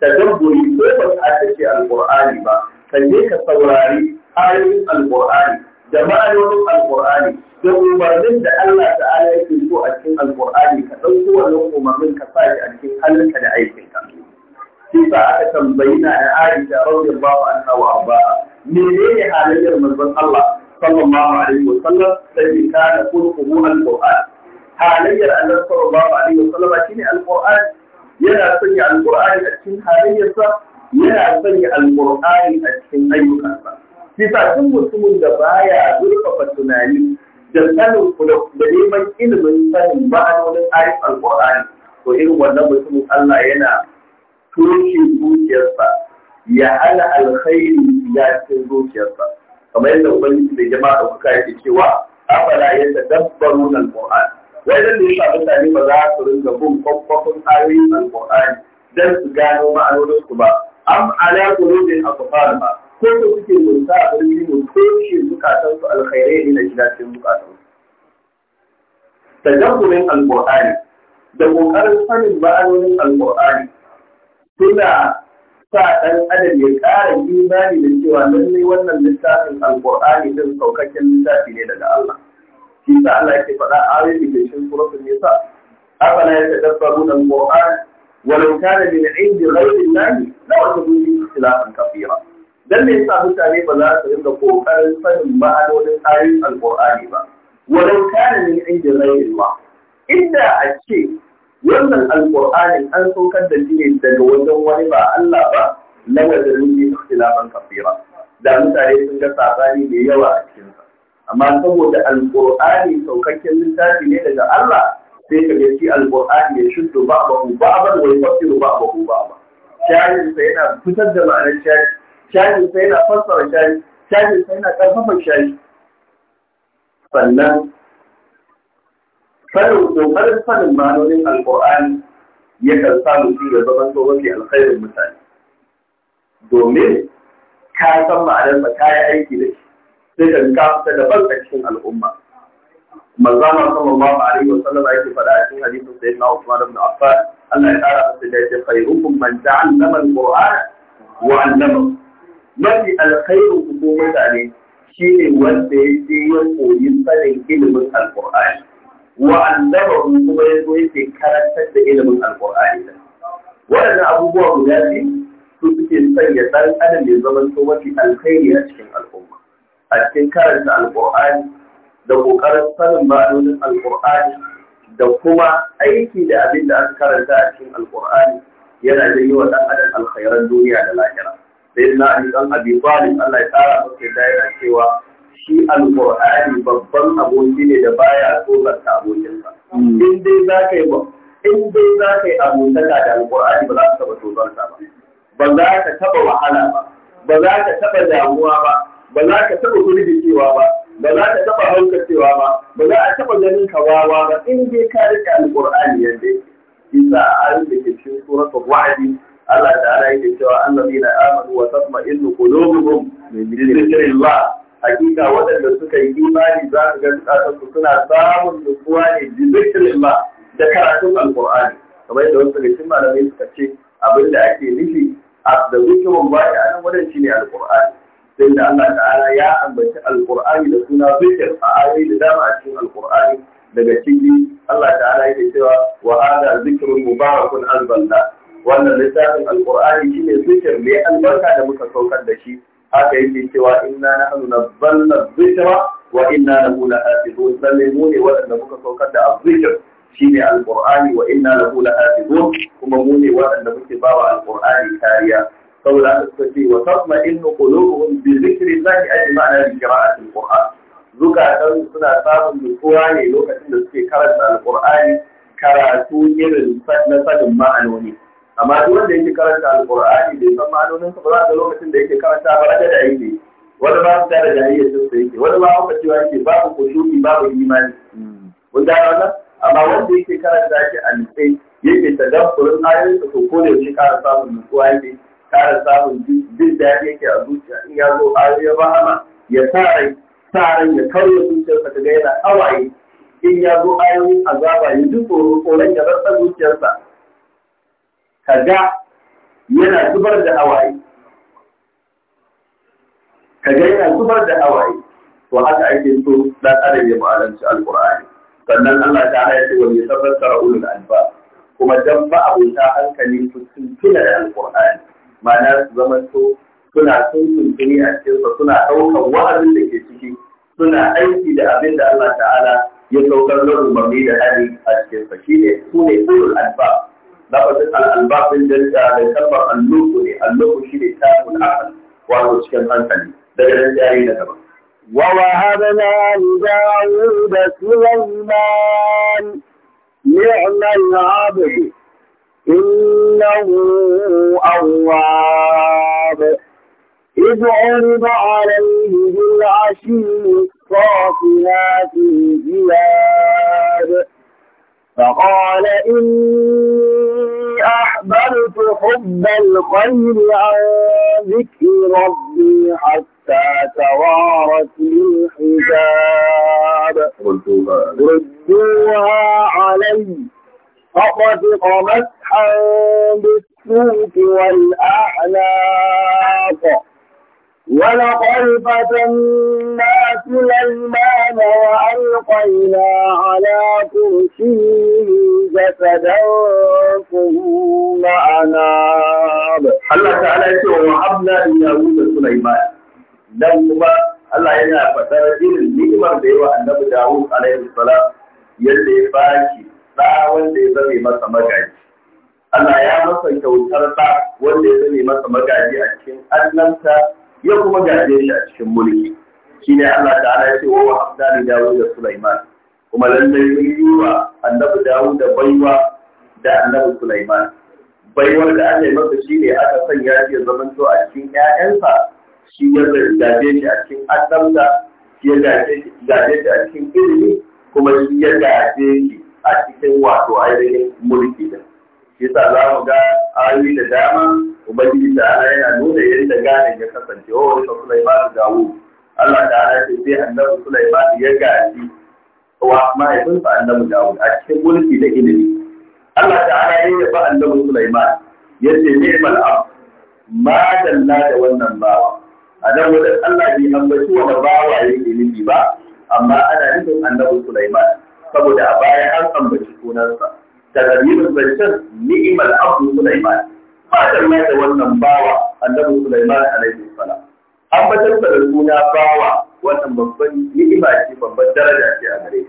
tadabburi ko ba ka ce alqur'ani ba ka je ka saurari ayoyin alƙur'ani da ma'anonin alƙur'ani da umarnin da Allah ta'ala yake so a cikin alqur'ani ka dauko wannan umarnin ka sa a cikin halinka da aikinka sai ba aka tambayi na Aisha radiyallahu bawa wa ba. menene halayyar manzon Allah sallallahu alaihi wasallam sai da kullu al-Qur'an halayyar Allah sallallahu alaihi wasallam shine alqur'ani yana sanya alqur'ani a cikin halayyarsa yana sanya alqur'ani a cikin ayyukansa kisa tun mutumin da baya zurfafa tunani da sanin da neman ilimin sanin ma'anonin ayat alqur'ani to irin wannan mutumin Allah yana toshe zuciyarsa ya hana alkhairi ya cikin zuciyarsa kamar yadda ubangiji bai jama'a da kuka yake cewa afala yadda dabbarun alqur'ani wai zan da ya sa mutane ba za su ringa bin kwakwafin ayoyin alƙur'ani don su gano ma'anoninsu ba am ala qulubin aqfal ba ko da suke gunta a birni mu ko shi zukatan su alkhairai ne na gida cikin zukatan tadabburin alqur'ani da kokarin sanin ma'anonin alqur'ani suna sa ɗan adam ya ƙara imani da cewa lallai wannan littafin alƙur'ani din saukakken littafi ne daga Allah. inda Allah yake faɗa ayoyi da cikin suratul nisa afala yatadabbaruna alquran walau kana min indi ghayri allahi lawajadu fihi ikhtilafan kathira dan me yasa mutane ba za su dinga kokarin sanin ma'anonin ayoyin qurani ba walau kana min indi ghayri allah inda a ce wannan al alqur'anin an saukar da shi ne daga wajen wani ba Allah ba lawajadu fihi ikhtilafan kathira da mutane sun ga sabani da yawa a cikinsa amma saboda alƙur'ani saukakken littafi ne daga Allah sai ka ga shi alqur'ani ya shuddu ba'dahu ba'dan ba yafsiru ba'dahu ba shayin sa yana fitar da ma'anar shayi shayin sa yana fassara shayi shayin sa yana karfafa shayi sannan sanin kokarin sanin ma'anonin ya kan sa mutum ya zama so mafi alkhairin mutane domin ka san ma'anarsa ka yi aiki da shi sai ka rika ta daban a cikin al'umma manzana sallallahu alaihi wa sallam yake faɗa a cikin hadisin sayyidina Uthman ibn Affan Allah ya ƙara masa da yake khairukum man ta'allama al-Qur'an wa 'allama mafi alkhairu ku mutane shine wanda ya je ya koyi sanin ilimin al-Qur'ani wa 'allamahu kuma ya zo yake karantar da ilimin al-Qur'ani waɗannan abubuwa guda biyu su suke sanya ɗan adam ya zama to mafi alkhairi a cikin al'umma a cikin karanta alkur'ani da ƙoƙarin sanin ma'anonin alkur'ani da kuma aiki da abin da aka karanta a cikin alkur'ani yana yi wa ɗan adam alkhairan duniya da lahira sai na ali dan abi Allah ya tsara masa da yana cewa shi alkur'ani babban aboki ne da baya so zarta abokinsa in dai za ka yi ba in dai za ka yi da alkur'ani ba za ka taɓa tozarta ba ba za ka taɓa wahala ba ba za ka taɓa damuwa ba ba za ka taɓa gurbicewa ba ba za ka taɓa haukacewa ba ba za a taɓa ganin ka wawa ba in dai ka rika alƙur'ani yadda isa a da ke cikin suratul wa'adi Allah ta'ala yake cewa na amanu wa tatma'innu qulubuhum bi dhikrillah hakika waɗanda suka yi imani za su ga zukatan su suna samun nutsuwa ne bi dhikrillah da karatun alqur'ani kamar yadda wasu daga cikin malamai suka ce abin da ake nufi da zikirin ba ya nan wadan ne alƙur'ani sai da Allah ta'ala ya ambaci alƙur'ani da suna zikir a ayoyi da dama a cikin alƙur'ani daga ciki Allah ta'ala yake cewa wa hada zikrun mubarakun albanna wannan littafin alƙur'ani shine zikir mai albarka da muka saukar da shi haka yake cewa inna nahnu nazzalna dhikra wa inna lahu lahafizun lalle mu ne waɗanda muka saukar da azzikr shine alqur'ani wa inna lahu lahafizun kuma mu ne waɗanda muke bawa alqur'ani kariya saboda haka suka ce wa tatma'innu qulubuhum bi dhikrillahi ajma'na bi qira'ati alqur'an zukatan suna samun nutsuwa ne lokacin da suke karanta alqur'ani karatu irin na sanin ma'anoni amma duk wanda yake karanta alqur'ani bai san ma'anonin sa ba za ka lokacin da yake karanta ba da da yake wani ba su tare da hayyacin yake wani ba hauka cewa yake babu kushuki babu imani kun hmm. da wannan amma wanda yake karanta shi a nitsai yake tadabburin ayoyin da ko da yake ƙara samun nutsuwa yake ƙara samun jin daɗi yake a zuciya in ya zo ayoyin rahama ya sa rai sa rai ya kauye zuciyarsa ta ga yana hawaye in ya zo ayoyin zaba ya ji tsoro tsoron ya rasa zuciyarsa ka ga yana zubar da hawaye ka ga yana zubar da hawaye to haka ake so dan adam ya ma'alanci Alƙur'ani. sannan Allah ta haya ce wani tafassara ulul alba kuma dan ba abota hankali su tuntuna da alqur'ani ma'ana su zama to suna tuntuntuni a cikinsa, suna ɗaukar wa'azin da ke ciki suna aiki da abin da Allah ta'ala ya saukar na umarni da hali a cikinsa. sa shine su ne ulul alba lafazin al'alba din da kalmar alluku ne alluku shi ne takun akal wato cikin hankali daga nan jari na gaba ووهبنا لداود سليمان نعم العبد إنه أواب إذ عرض عليه بالعشي الصافنات الجياد فقال إني أحببت حب الخير عن ذكر ربي حتى توارت بالحجاب ردوها علي فطفق مسحا بالسوق والأعناق ولقد فتنا سليمان وألقينا على كرسي جسدا ثم أناب الله تعالى يقول وهبنا لداود سليمان دم الله yana fatar irin ni'imar ديوة النبي داود عليه الصلاة يلي باكي لا ولي زمي ما ya Allah ya masa kyautar ta wanda ya zame masa magaji a cikin annanta ya kuma gaje shi a cikin mulki shi ne Allah ta'ala ya ce wa wa da Dawud da Sulaiman kuma lallai mun yi wa annabi Dawud da baiwa da annabi Sulaiman baiwar da aka yi masa ne aka sanya shi ya zamanto a cikin ƴaƴansa shi ya gaje shi a cikin annabta shi ya gaje shi a cikin ilimi kuma shi ya gaje shi a cikin wato ainihin mulki din yasa za mu ga ayoyi da dama ubangiji da ana yana nuna yadda gane ya kasance wa oh, wani Sulaiman Dawud Allah ta ana ce sai annabi Sulaiman ya gaji wa mahaifinsa annabi dawo a cikin mulki da ilimi Allah ta ana ya yaba annabi Sulaiman ya ce ne mal'am ma dalla da wannan bawa a nan wajen Allah bai ambaci wa bawa ya ilimi ba amma ana nufin annabi Sulaiman saboda a baya an ambaci sunansa تغيير البشر نعم العبد سليمان ba da da wannan bawa annabi Sulaiman alaihi salam an batar da suna bawa wannan babban ni'ima ce babban daraja ce a gare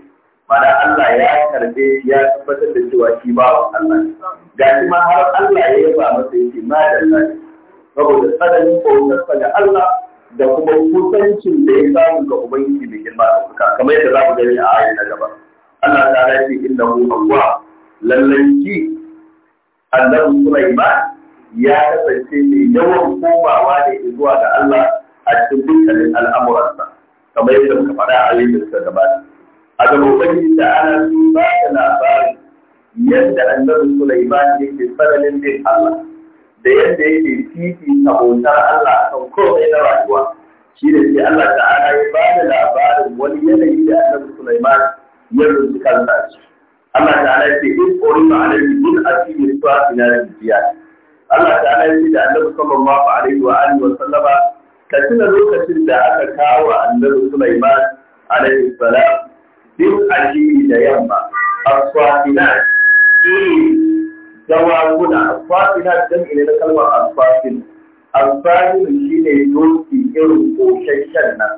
mana Allah ya karbe ya tabbatar da cewa shi bawa Allah ga shi ma har Allah ya yaba masa yake ma da Allah saboda tsananin bautarsa ga Allah da kuma kusancin da ya samu ga Ubangiji mai girma da suka kamar yadda za mu gani a ayin na gaba Allah ta rafi mu awwab lallanci annabi Sulaiman ya kasance mai yawan komawa da zuwa ga Allah a cikin dukkanin al'amuransa kamar yadda muka faɗa a yayin da suka gabata a gaba ubangiji da ana duba ba da labarin yadda annabi Sulaiman yake tsananin bin Allah da yadda yake ta sabotar Allah a kan komai na rayuwa shi da shi Allah ta'ala ya ba da labarin wani yanayi da annabi Sulaiman ya rubuta kansa Allah ta'ala ya ce in qori ma alaihi min asibi su'a ila jiya Allah ta'ala ya ce da Annabi sallallahu alaihi wa alihi wa sallama ka tuna lokacin da aka kawo Annabi Sulaiman alaihi salam bin asibi da yamma asfafina dawaguna asfafina dan ina na kalmar asfafin shi shine doki irin koshashen nan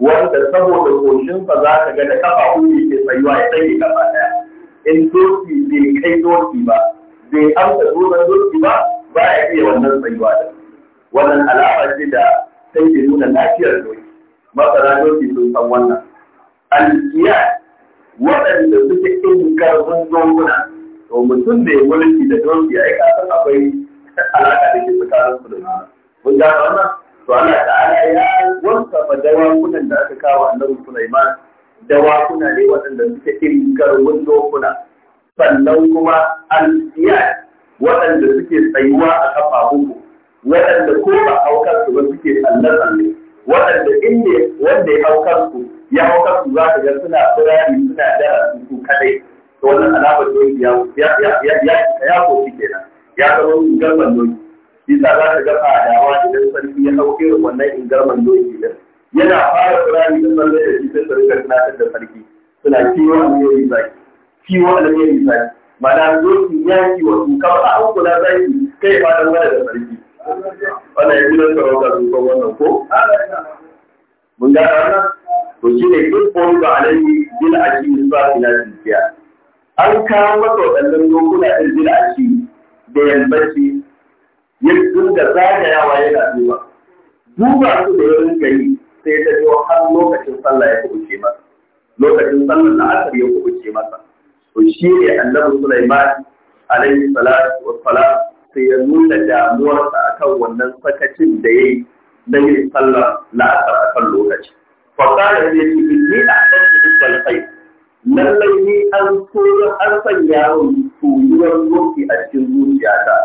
wanda saboda fa za ka ga da kafa uku ke tsayuwa ya tsaye gaba daya in doki bai kai doki ba bai amsa doron doki ba ba ya iya wannan tsayuwa da wannan alama ce da sai ke nuna lafiyar doki masana doki sun san wannan alkiya waɗanda suke in karfin zonguna to mutum da ya mulki da doki ya yi san akwai alaka da ke tsakanin su da mun ga wannan to Allah ta'ala ya wanka madawa kunan da aka kawo annabi Sulaiman dawakuna ne waɗanda suka irin garwun dokuna sannan kuma alfiya waɗanda suke tsayuwa a kafafunku waɗanda ko ba aukar su ba suke tsalle-tsalle waɗanda inda wanda ya haukar su ya aukar su za ka ga suna firari suna dara su kaɗai. to wannan alamar doki ya ya ya ya ya koki kenan ya zama ingar doki bisa za ka ga fadawa idan sarki ya hau irin wannan ingarman doki din yana fara kurani da manzo da shi sai sarki na da sarki suna kiwo alheri zaki kiwo alheri zaki mana doki ya kiwo su kaba a hanku na zaki kai fadan wani da sarki wannan ya gidan sarauta su kan wannan ko mun gara wannan to shi ne duk kowai ba a bil aji ba ila jiya an kawo masa waɗannan dokuna ɗin a aji da yambaci Yadda dinga zagayawa yana duba duba su da ya gari? sai ta zo har lokacin sallah ya kubuce masa lokacin sallar na asar ya kubuce masa to shi ne annabi Sulaiman alaihi salatu salam sai ya nuna damuwarsa akan wannan sakacin da yayi na yin sallar na asar akan lokaci fa qala ya ce inni ahsantu hubbal khair lallai ni an tura an sanya min soyuwar a cikin zuciyata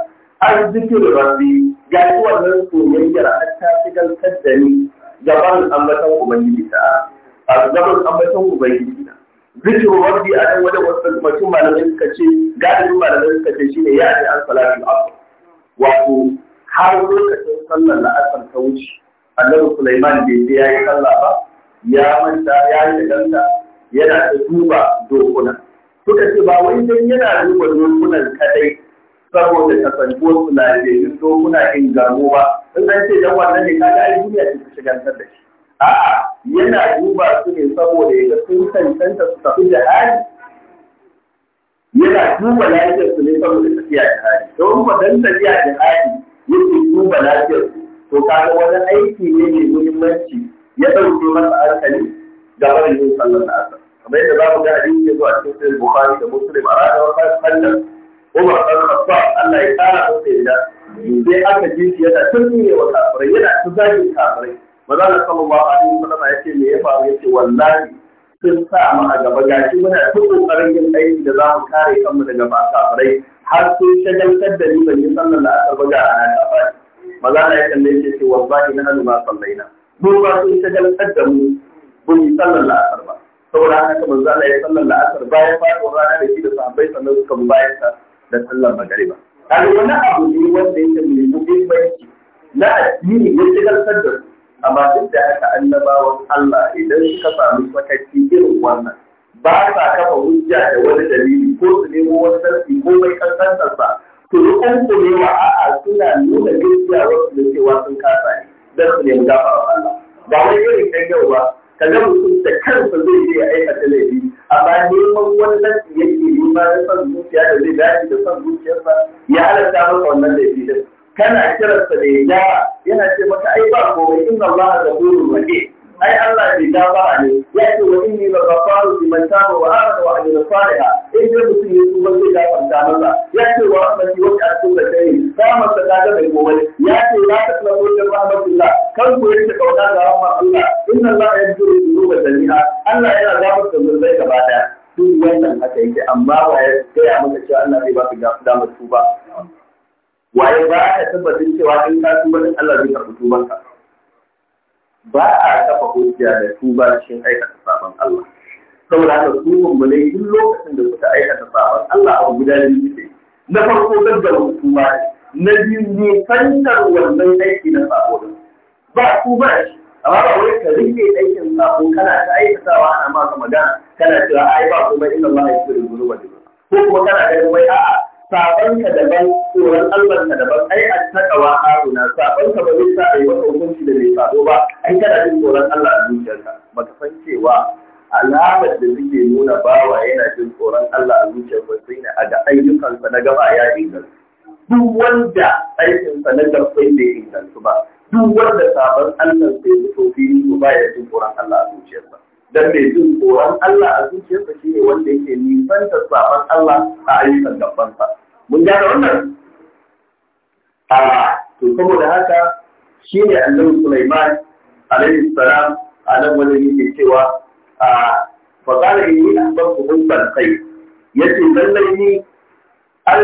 an zikirin rabbi ga wannan soyayyar an ta fi gantar da ni gaban ambatan ubangiji ta a gaban ambatan ubangiji na zikirin rabbi a nan wajen wasu mutum malamai suka ce galibin malamai suka ce shine ya ji an salatu asr wato har lokacin sallar la'asar ta wuce annabi Sulaiman bai je yayi sallah ba ya manta ya yi danta yana da duba dokuna suka ce ba wai dan yana duba dokunan kadai saboda kasantuwar su lafiyayyun dokuna in gano ba in an ce dan wannan ne kaga ai duniya ce ta shigantar da shi a'a yana duba su ne saboda ya sun cancanta su tafi jihadi yana duba lafiyar su ne saboda tafiya jihadi don ba dan tafiya jihadi yake duba lafiyar su to kaga wani aiki ne mai muhimmanci ya dauke masa hankali ga barin sallar asar kamar yadda za mu ga hadisi ya zo a cikin Bukhari da Muslim a ranar wannan sallar Umar bin Khattab Allah ya kara masa yadda sai aka ji shi yana tun ne wa kafirai yana tun zagin kafirai maza na sallallahu alaihi wasallam ya ce me ya faru ya ce wallahi sun sa mu a gaba gashi muna ta kokarin aiki da za mu kare kanmu daga ba kafirai har sun shagaltar da ni ban yi sallar da aka buga a nan ba maza na ya kalle shi ce wallahi na hannu ma sallaina Mun ba sun shagaltar da mu mun yi sallar da asar ba saboda haka manzo Allah ya sallar da asar bayan faɗuwar rana da shi da sahabbai sannan suka bayan sa da sallar magariba kai wani abu ne wanda yake mai muhimmanci na addini ya shigartar da su amma duk da haka annabawa Allah idan suka sami sakaci irin wannan ba sa kafa hujja da wani dalili ko su nemo wani sarki ko mai kankantar sa to rukunku ne wa a'a suna nuna gaskiya wasu da cewa sun kasa ne don su nemi wa Allah ba wai irin kan yau ba ka ga mutum da kansa zai iya ya aikata laifi amma neman wani nasi yake yi ba da son zuciya da zai dace da son ba ya halatta maka wannan da din kana kiransa da ya gyara yana ce maka ai ba komai inna Allah ghafurur rahim ai Allah bai gafara ne ya ce wa inni la ghafaru liman taba wa amana wa amila salihan in dai mutum ya tuba zai gafarta masa ya ce wa rahmati wa ta'tu da dai kama sa da mai komai ya ce la tasnabu da rahmatullah kan ku yake kauna da rahmar Allah inna Allah yaghfiru dhunuba jami'a Allah yana gafarta zunubai gaba daya duk wannan haka yake amma wa ya gaya maka cewa Allah bai baka gafara damar tuba waye ba ka tabbatin cewa in ka tuba din Allah zai karɓi tubanka ba a kafa hujja da ba cikin aikata sabon Allah saboda haka su mummunai duk lokacin da suka aikata sabon Allah abu guda da ne na farko su tuba na biyu ne fantar wannan aiki na sabo ba ba shi amma ba wai ka rike aikin sako kana ta aikatawa ana maka magana kana cewa ai ba kuma inna Allah ya tsare gurbin ko kuma kana ganin wai a'a sabanka daban tsoron Allah daban ai an takawa haruna sabanka ba zai sa a yi hukunci da bai sabo ba ai kana jin tsoron Allah a zuciyarka baka san cewa alamar da suke nuna bawa yana jin tsoron Allah a zuciyar sai ne a ga ayyukansa na gaba ya inganta duk wanda aikinsa na gabbai bai inganta ba duk wanda sabon Allah bai fito fili ba ya jin tsoron Allah a zuciyarsa dan mai jin tsoron Allah a zuciyarsa shi ne wanda yake nisanta saban Allah a ayyukan gabansa mun da wannan a to saboda haka shi ne annabi Sulaiman alaihi salam a nan wajen yake cewa a faƙara yi a babu hukman kai ya ce lallai ni an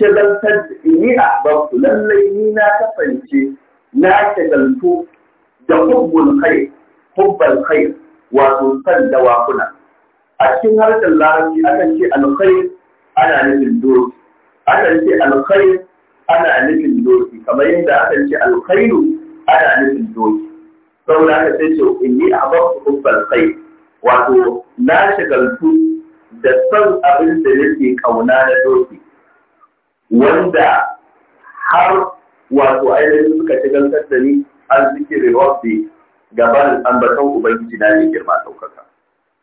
shagaltar ni a babu lallai ni na kasance na shagaltu da hukman kai hubbal khair wato san dawakuna a cikin harshen larabci akan ce khair ana nufin doki akan ce khair ana nufin doki kamar yadda akan ce alkhairu ana nufin doki saboda haka sai ce inni ahbabtu hubbal khair wato na shagaltu da son abin da yake kauna na doki wanda har wato ainihin suka shagaltar da ni an zikirewa rabbi gaban ambaton ubangiji na ne girma ɗaukaka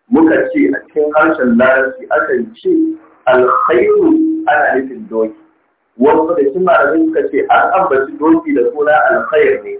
muka ce a cikin harshen larabci akan ce alkhairu ana nufin doki wasu da shi malamai suka ce an ambaci doki da suna alkhair ne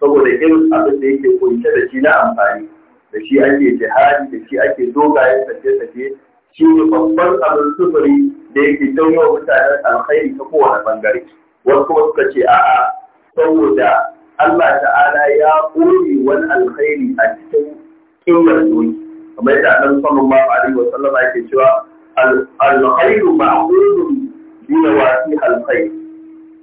saboda irin abin da yake kunshe da shi na amfani da shi ake jihadi da shi ake dogayen tafiye-tafiye shi ne babban abin sufuri da yake janyo mutanen alkhairi ta kowane bangare wasu kuma suka ce a'a saboda Allah ta'ala ya koyi wani alkhairi a cikin kinyar doki kamar yadda saman ma a wa sallama yake cewa alkhairu ma'qulun bi wasi alkhair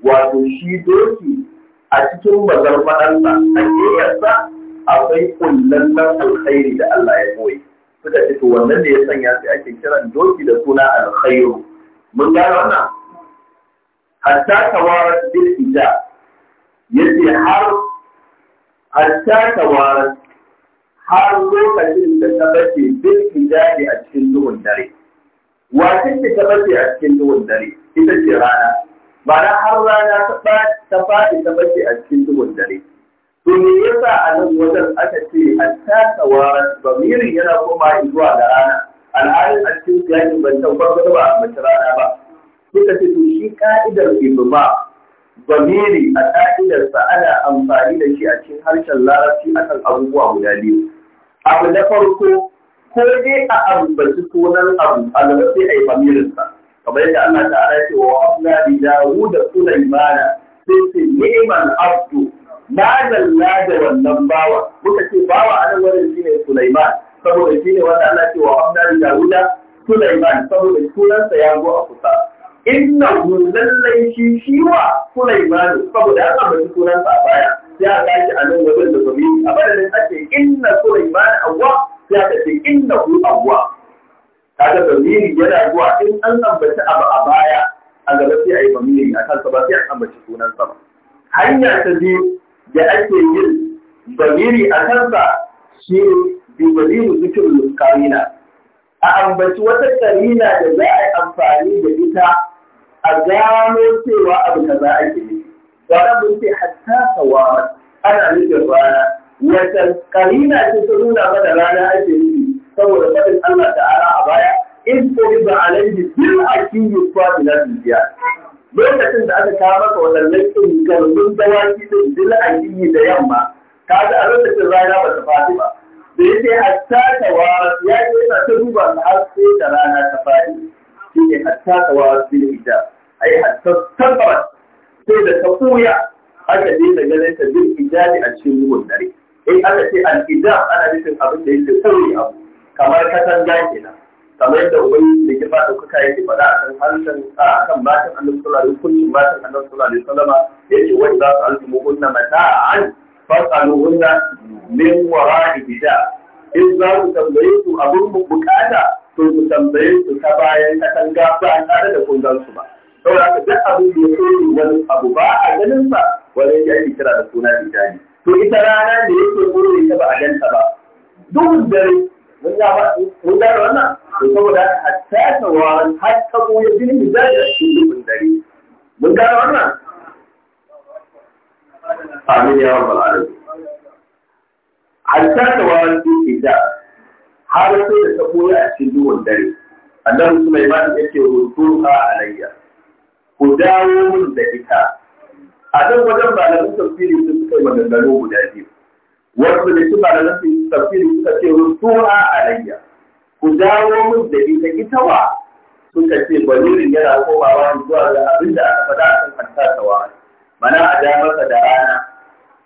wato shi doki a cikin bazar fadansa a kiyarsa akwai kullallan alkhairi da Allah ya koyi suka ce to wannan da ya sanya sai ake kiran doki da suna alkhairu mun gane wannan hatta tawarat bil ijab yace har har lokacin da ta bace bin hijabi a cikin duhun dare wacin da ta bace a cikin duhun dare ita ce rana ba na har rana ta faɗi ta bace a cikin duhun dare to me yasa a nan wajen aka ce hatta tawara bamirin yana koma zuwa da rana al'adun a cikin yakin ban tabbatar ba a mace rana ba suka ce to shi ka'idar ba. Bamiri a ta'idarsa ana amfani da shi a cikin harshen larabci kan abubuwa guda biyu. Abu na farko, ko dai a ambaci sunan abu, alaba sai a yi bamirinsa. Kamar yadda ana ta ara ce wa hafna bi Dawud da Sulaimana sai ce neman abdu na zalla da wannan bawa. Muka ce bawa a nan shi ne Sulaiman saboda shi ne wanda Allah ce wa hafna bi Sulaiman saboda sunansa ya zo a kusa. inna lallai shi shi wa Sulaiman saboda an ambaci sunan sa baya ya ga shi a nan wajen da gobe a da ake inna Sulaiman awwa ya ka ce inna hu awwa kaga bamiri yana zuwa in an ambaci abu a baya a gaba sai ayi bamiri a kansa ba sai an ambaci sunan sa ba hanya ta biyu da ake yin bamiri a kansa shi bi bamiru zikirin karina a ambaci wata karina da za a yi amfani da ita a gano cewa abu kaza ake yi wani mun ce hatta sawa ana nufin rana wata karina ce ta nuna mana rana ake nufi saboda faɗin Allah ta'ala a baya in ko ba alaihi bil akiyi fa bila dunya lokacin da aka kawo maka wadannan kin garbin dawaki din a akiyi da yamma kaga a lokacin rana ba ta ba da yake hatta tawa ya ke yana ta duba na har da rana ta fadi shi ne hatta tawa sai ita ai hatta tabbas sai da ta koya aka je da ganin ta bin ijali a cikin ruwan dare in aka ce al ijab ana nufin abin da yake sauri abu kamar katanga kenan kamar yadda ubangi da ke fada kuka yake faɗa a kan harshen a kan batin annabi sallallahu alaihi wasallam kullum batin annabi sallallahu alaihi wasallam yace wa idza sa'altum hunna mata'an fasaluhunna min wara'i bid'a in za ku tambaye su abin mu bukata to ku tambaye su ta bayan katanga ba tare da kun gan su ba saboda haka duk abin da yake wani abu ba a ganin sa wani ya yi kira da suna bidani to ita rana da yake gurin ta ba a ganta ba duk dare mun ga ba mun ga wannan to saboda hatta tawaran hatta ko ya bin hijabi shi cikin dare mun ga wannan amin ya rabbal alamin hatta da wani duki da har sai da ta koya a cikin duwan dare annabi Sulaiman yake rubutu a alayya ku dawo min da ita a nan wajen malamin tafsiri sun suka yi maganganu guda biyu wasu da su malamin tafsiri suka ce a alayya ku dawo min da ita ita wa suka ce balirin yana komawa zuwa ga abin da aka faɗa a kan hatta tawari mana a ja masa da rana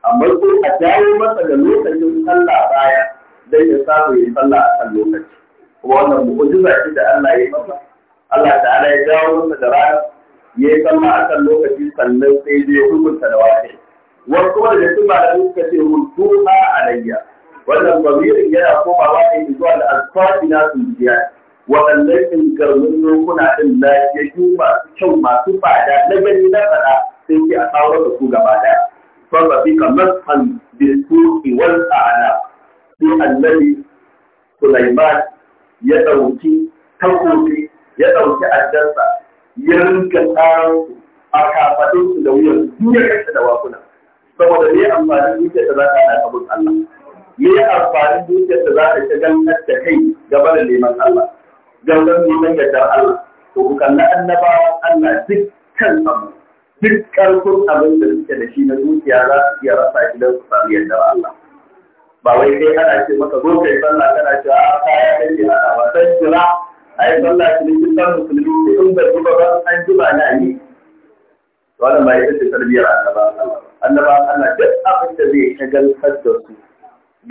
amma ko a jawo masa da lokacin sallah baya dai ya samu ya sallah a kan lokaci kuma wannan mu'jiza ce da Allah ya masa Allah ta'ala ya jawo masa da rana ya yi sallah a kan lokaci sannan sai zai hukunta da wace wasu kuma da su ba da suka ce huntuma alayya wannan babirin yana komawa ne zuwa da alfati na sun biya waɗannan ɗin garmin lokuna ɗin lafiyayyu masu kyau masu fada na gani na faɗa sai ki a tsawar da su gaba daya fasa fi kamar an bilkuki wal ta'ala sai annabi Sulaiman ya ɗauki takobi ya dauki addansa ya rinka tsaron a kafaɗinsu da wuyan duk ya kashe da wakuna saboda me amfanin dukiyar da za ta hana kabin Allah me amfani dukiyar da za ta shagaltar da kai gaba da neman Allah gangan neman yardar Allah to ku kalli annabawan Allah dukkan samu. duk ƙarfin abin da suke da shi na zuciya za su iya rasa shi don su samu yadda Allah. Ba wai sai ana ce maka zo kai sallah kana ce ah, a kaya kan jira a wasan jira yi sallah shi ne san musulmi in bai zuba ba an ba na yi. Wannan ba ita ce tarbiyyar annaba Allah. Annaba Allah duk abin da zai shagaltar da su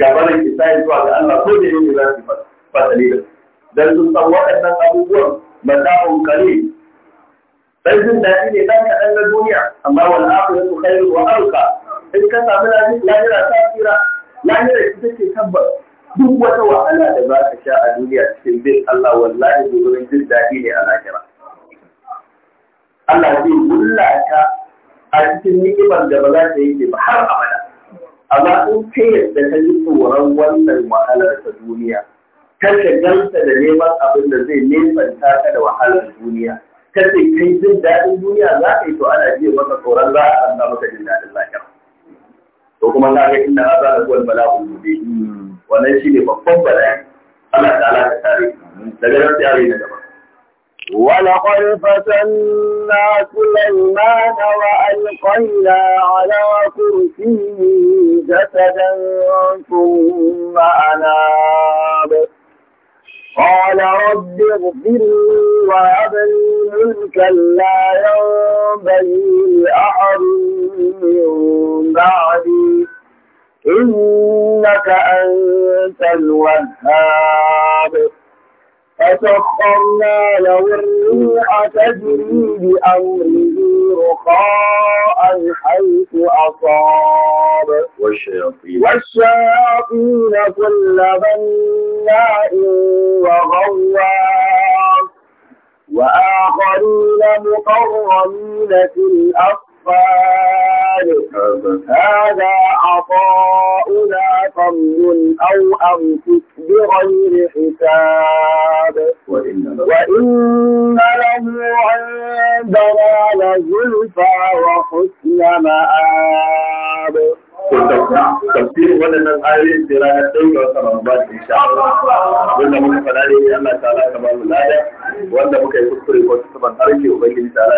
gabanin isa'i zuwa ga Allah ko da yake za su fasali da su. Dan sun san waɗannan abubuwan a kalil dan jin daɗi ne dan kaɗan na duniya amma wal su kai wa abqa in ka samu lahira ta tsira lahira ita take tabbas duk wata wahala da za ka sha a duniya cikin bin Allah wallahi gurin jin daɗi ne a lahira Allah zai wulla ka a cikin ni'imar da ba za ta yi ba har abada amma in kai yadda ka ji tsoron wannan wahalar ta duniya ka shagalta da neman abin da zai nesanta ka da wahalar duniya kace kai jin daɗin duniya za ka yi to ana jiya maka tsoron za a san maka jin daɗin lahira to kuma na ga inda za ka kuwa bala'u gobe wannan shi ne babban bala'i Allah ta ala ta tare daga nan sai ayi na gaba ولقد فتنا سليمان وألقينا على كرسيه جسدا ثم أناب قال رب اغفر وهب لي علمك لا ينبغي لأحد من بعدي إنك أنت الوهاب فسخرنا له الريح تجري بأمره رخاء حيث أصاب والشياطين والشياطين كل بناء وغواص وآخرين مقرنين في الأصفاد هذا عطاؤنا فمن أو أمسك بغير حساب وإن له عندنا لزلفى وحسن مآب to tafsirin waɗannan ayoyin da ranar ɗaya ga wata Ramadan sha Allah wanda muka faɗa ne Allah ta'ala ka ba mu lada wanda muka yi kuskure ko tuban harke ubangiji ta'ala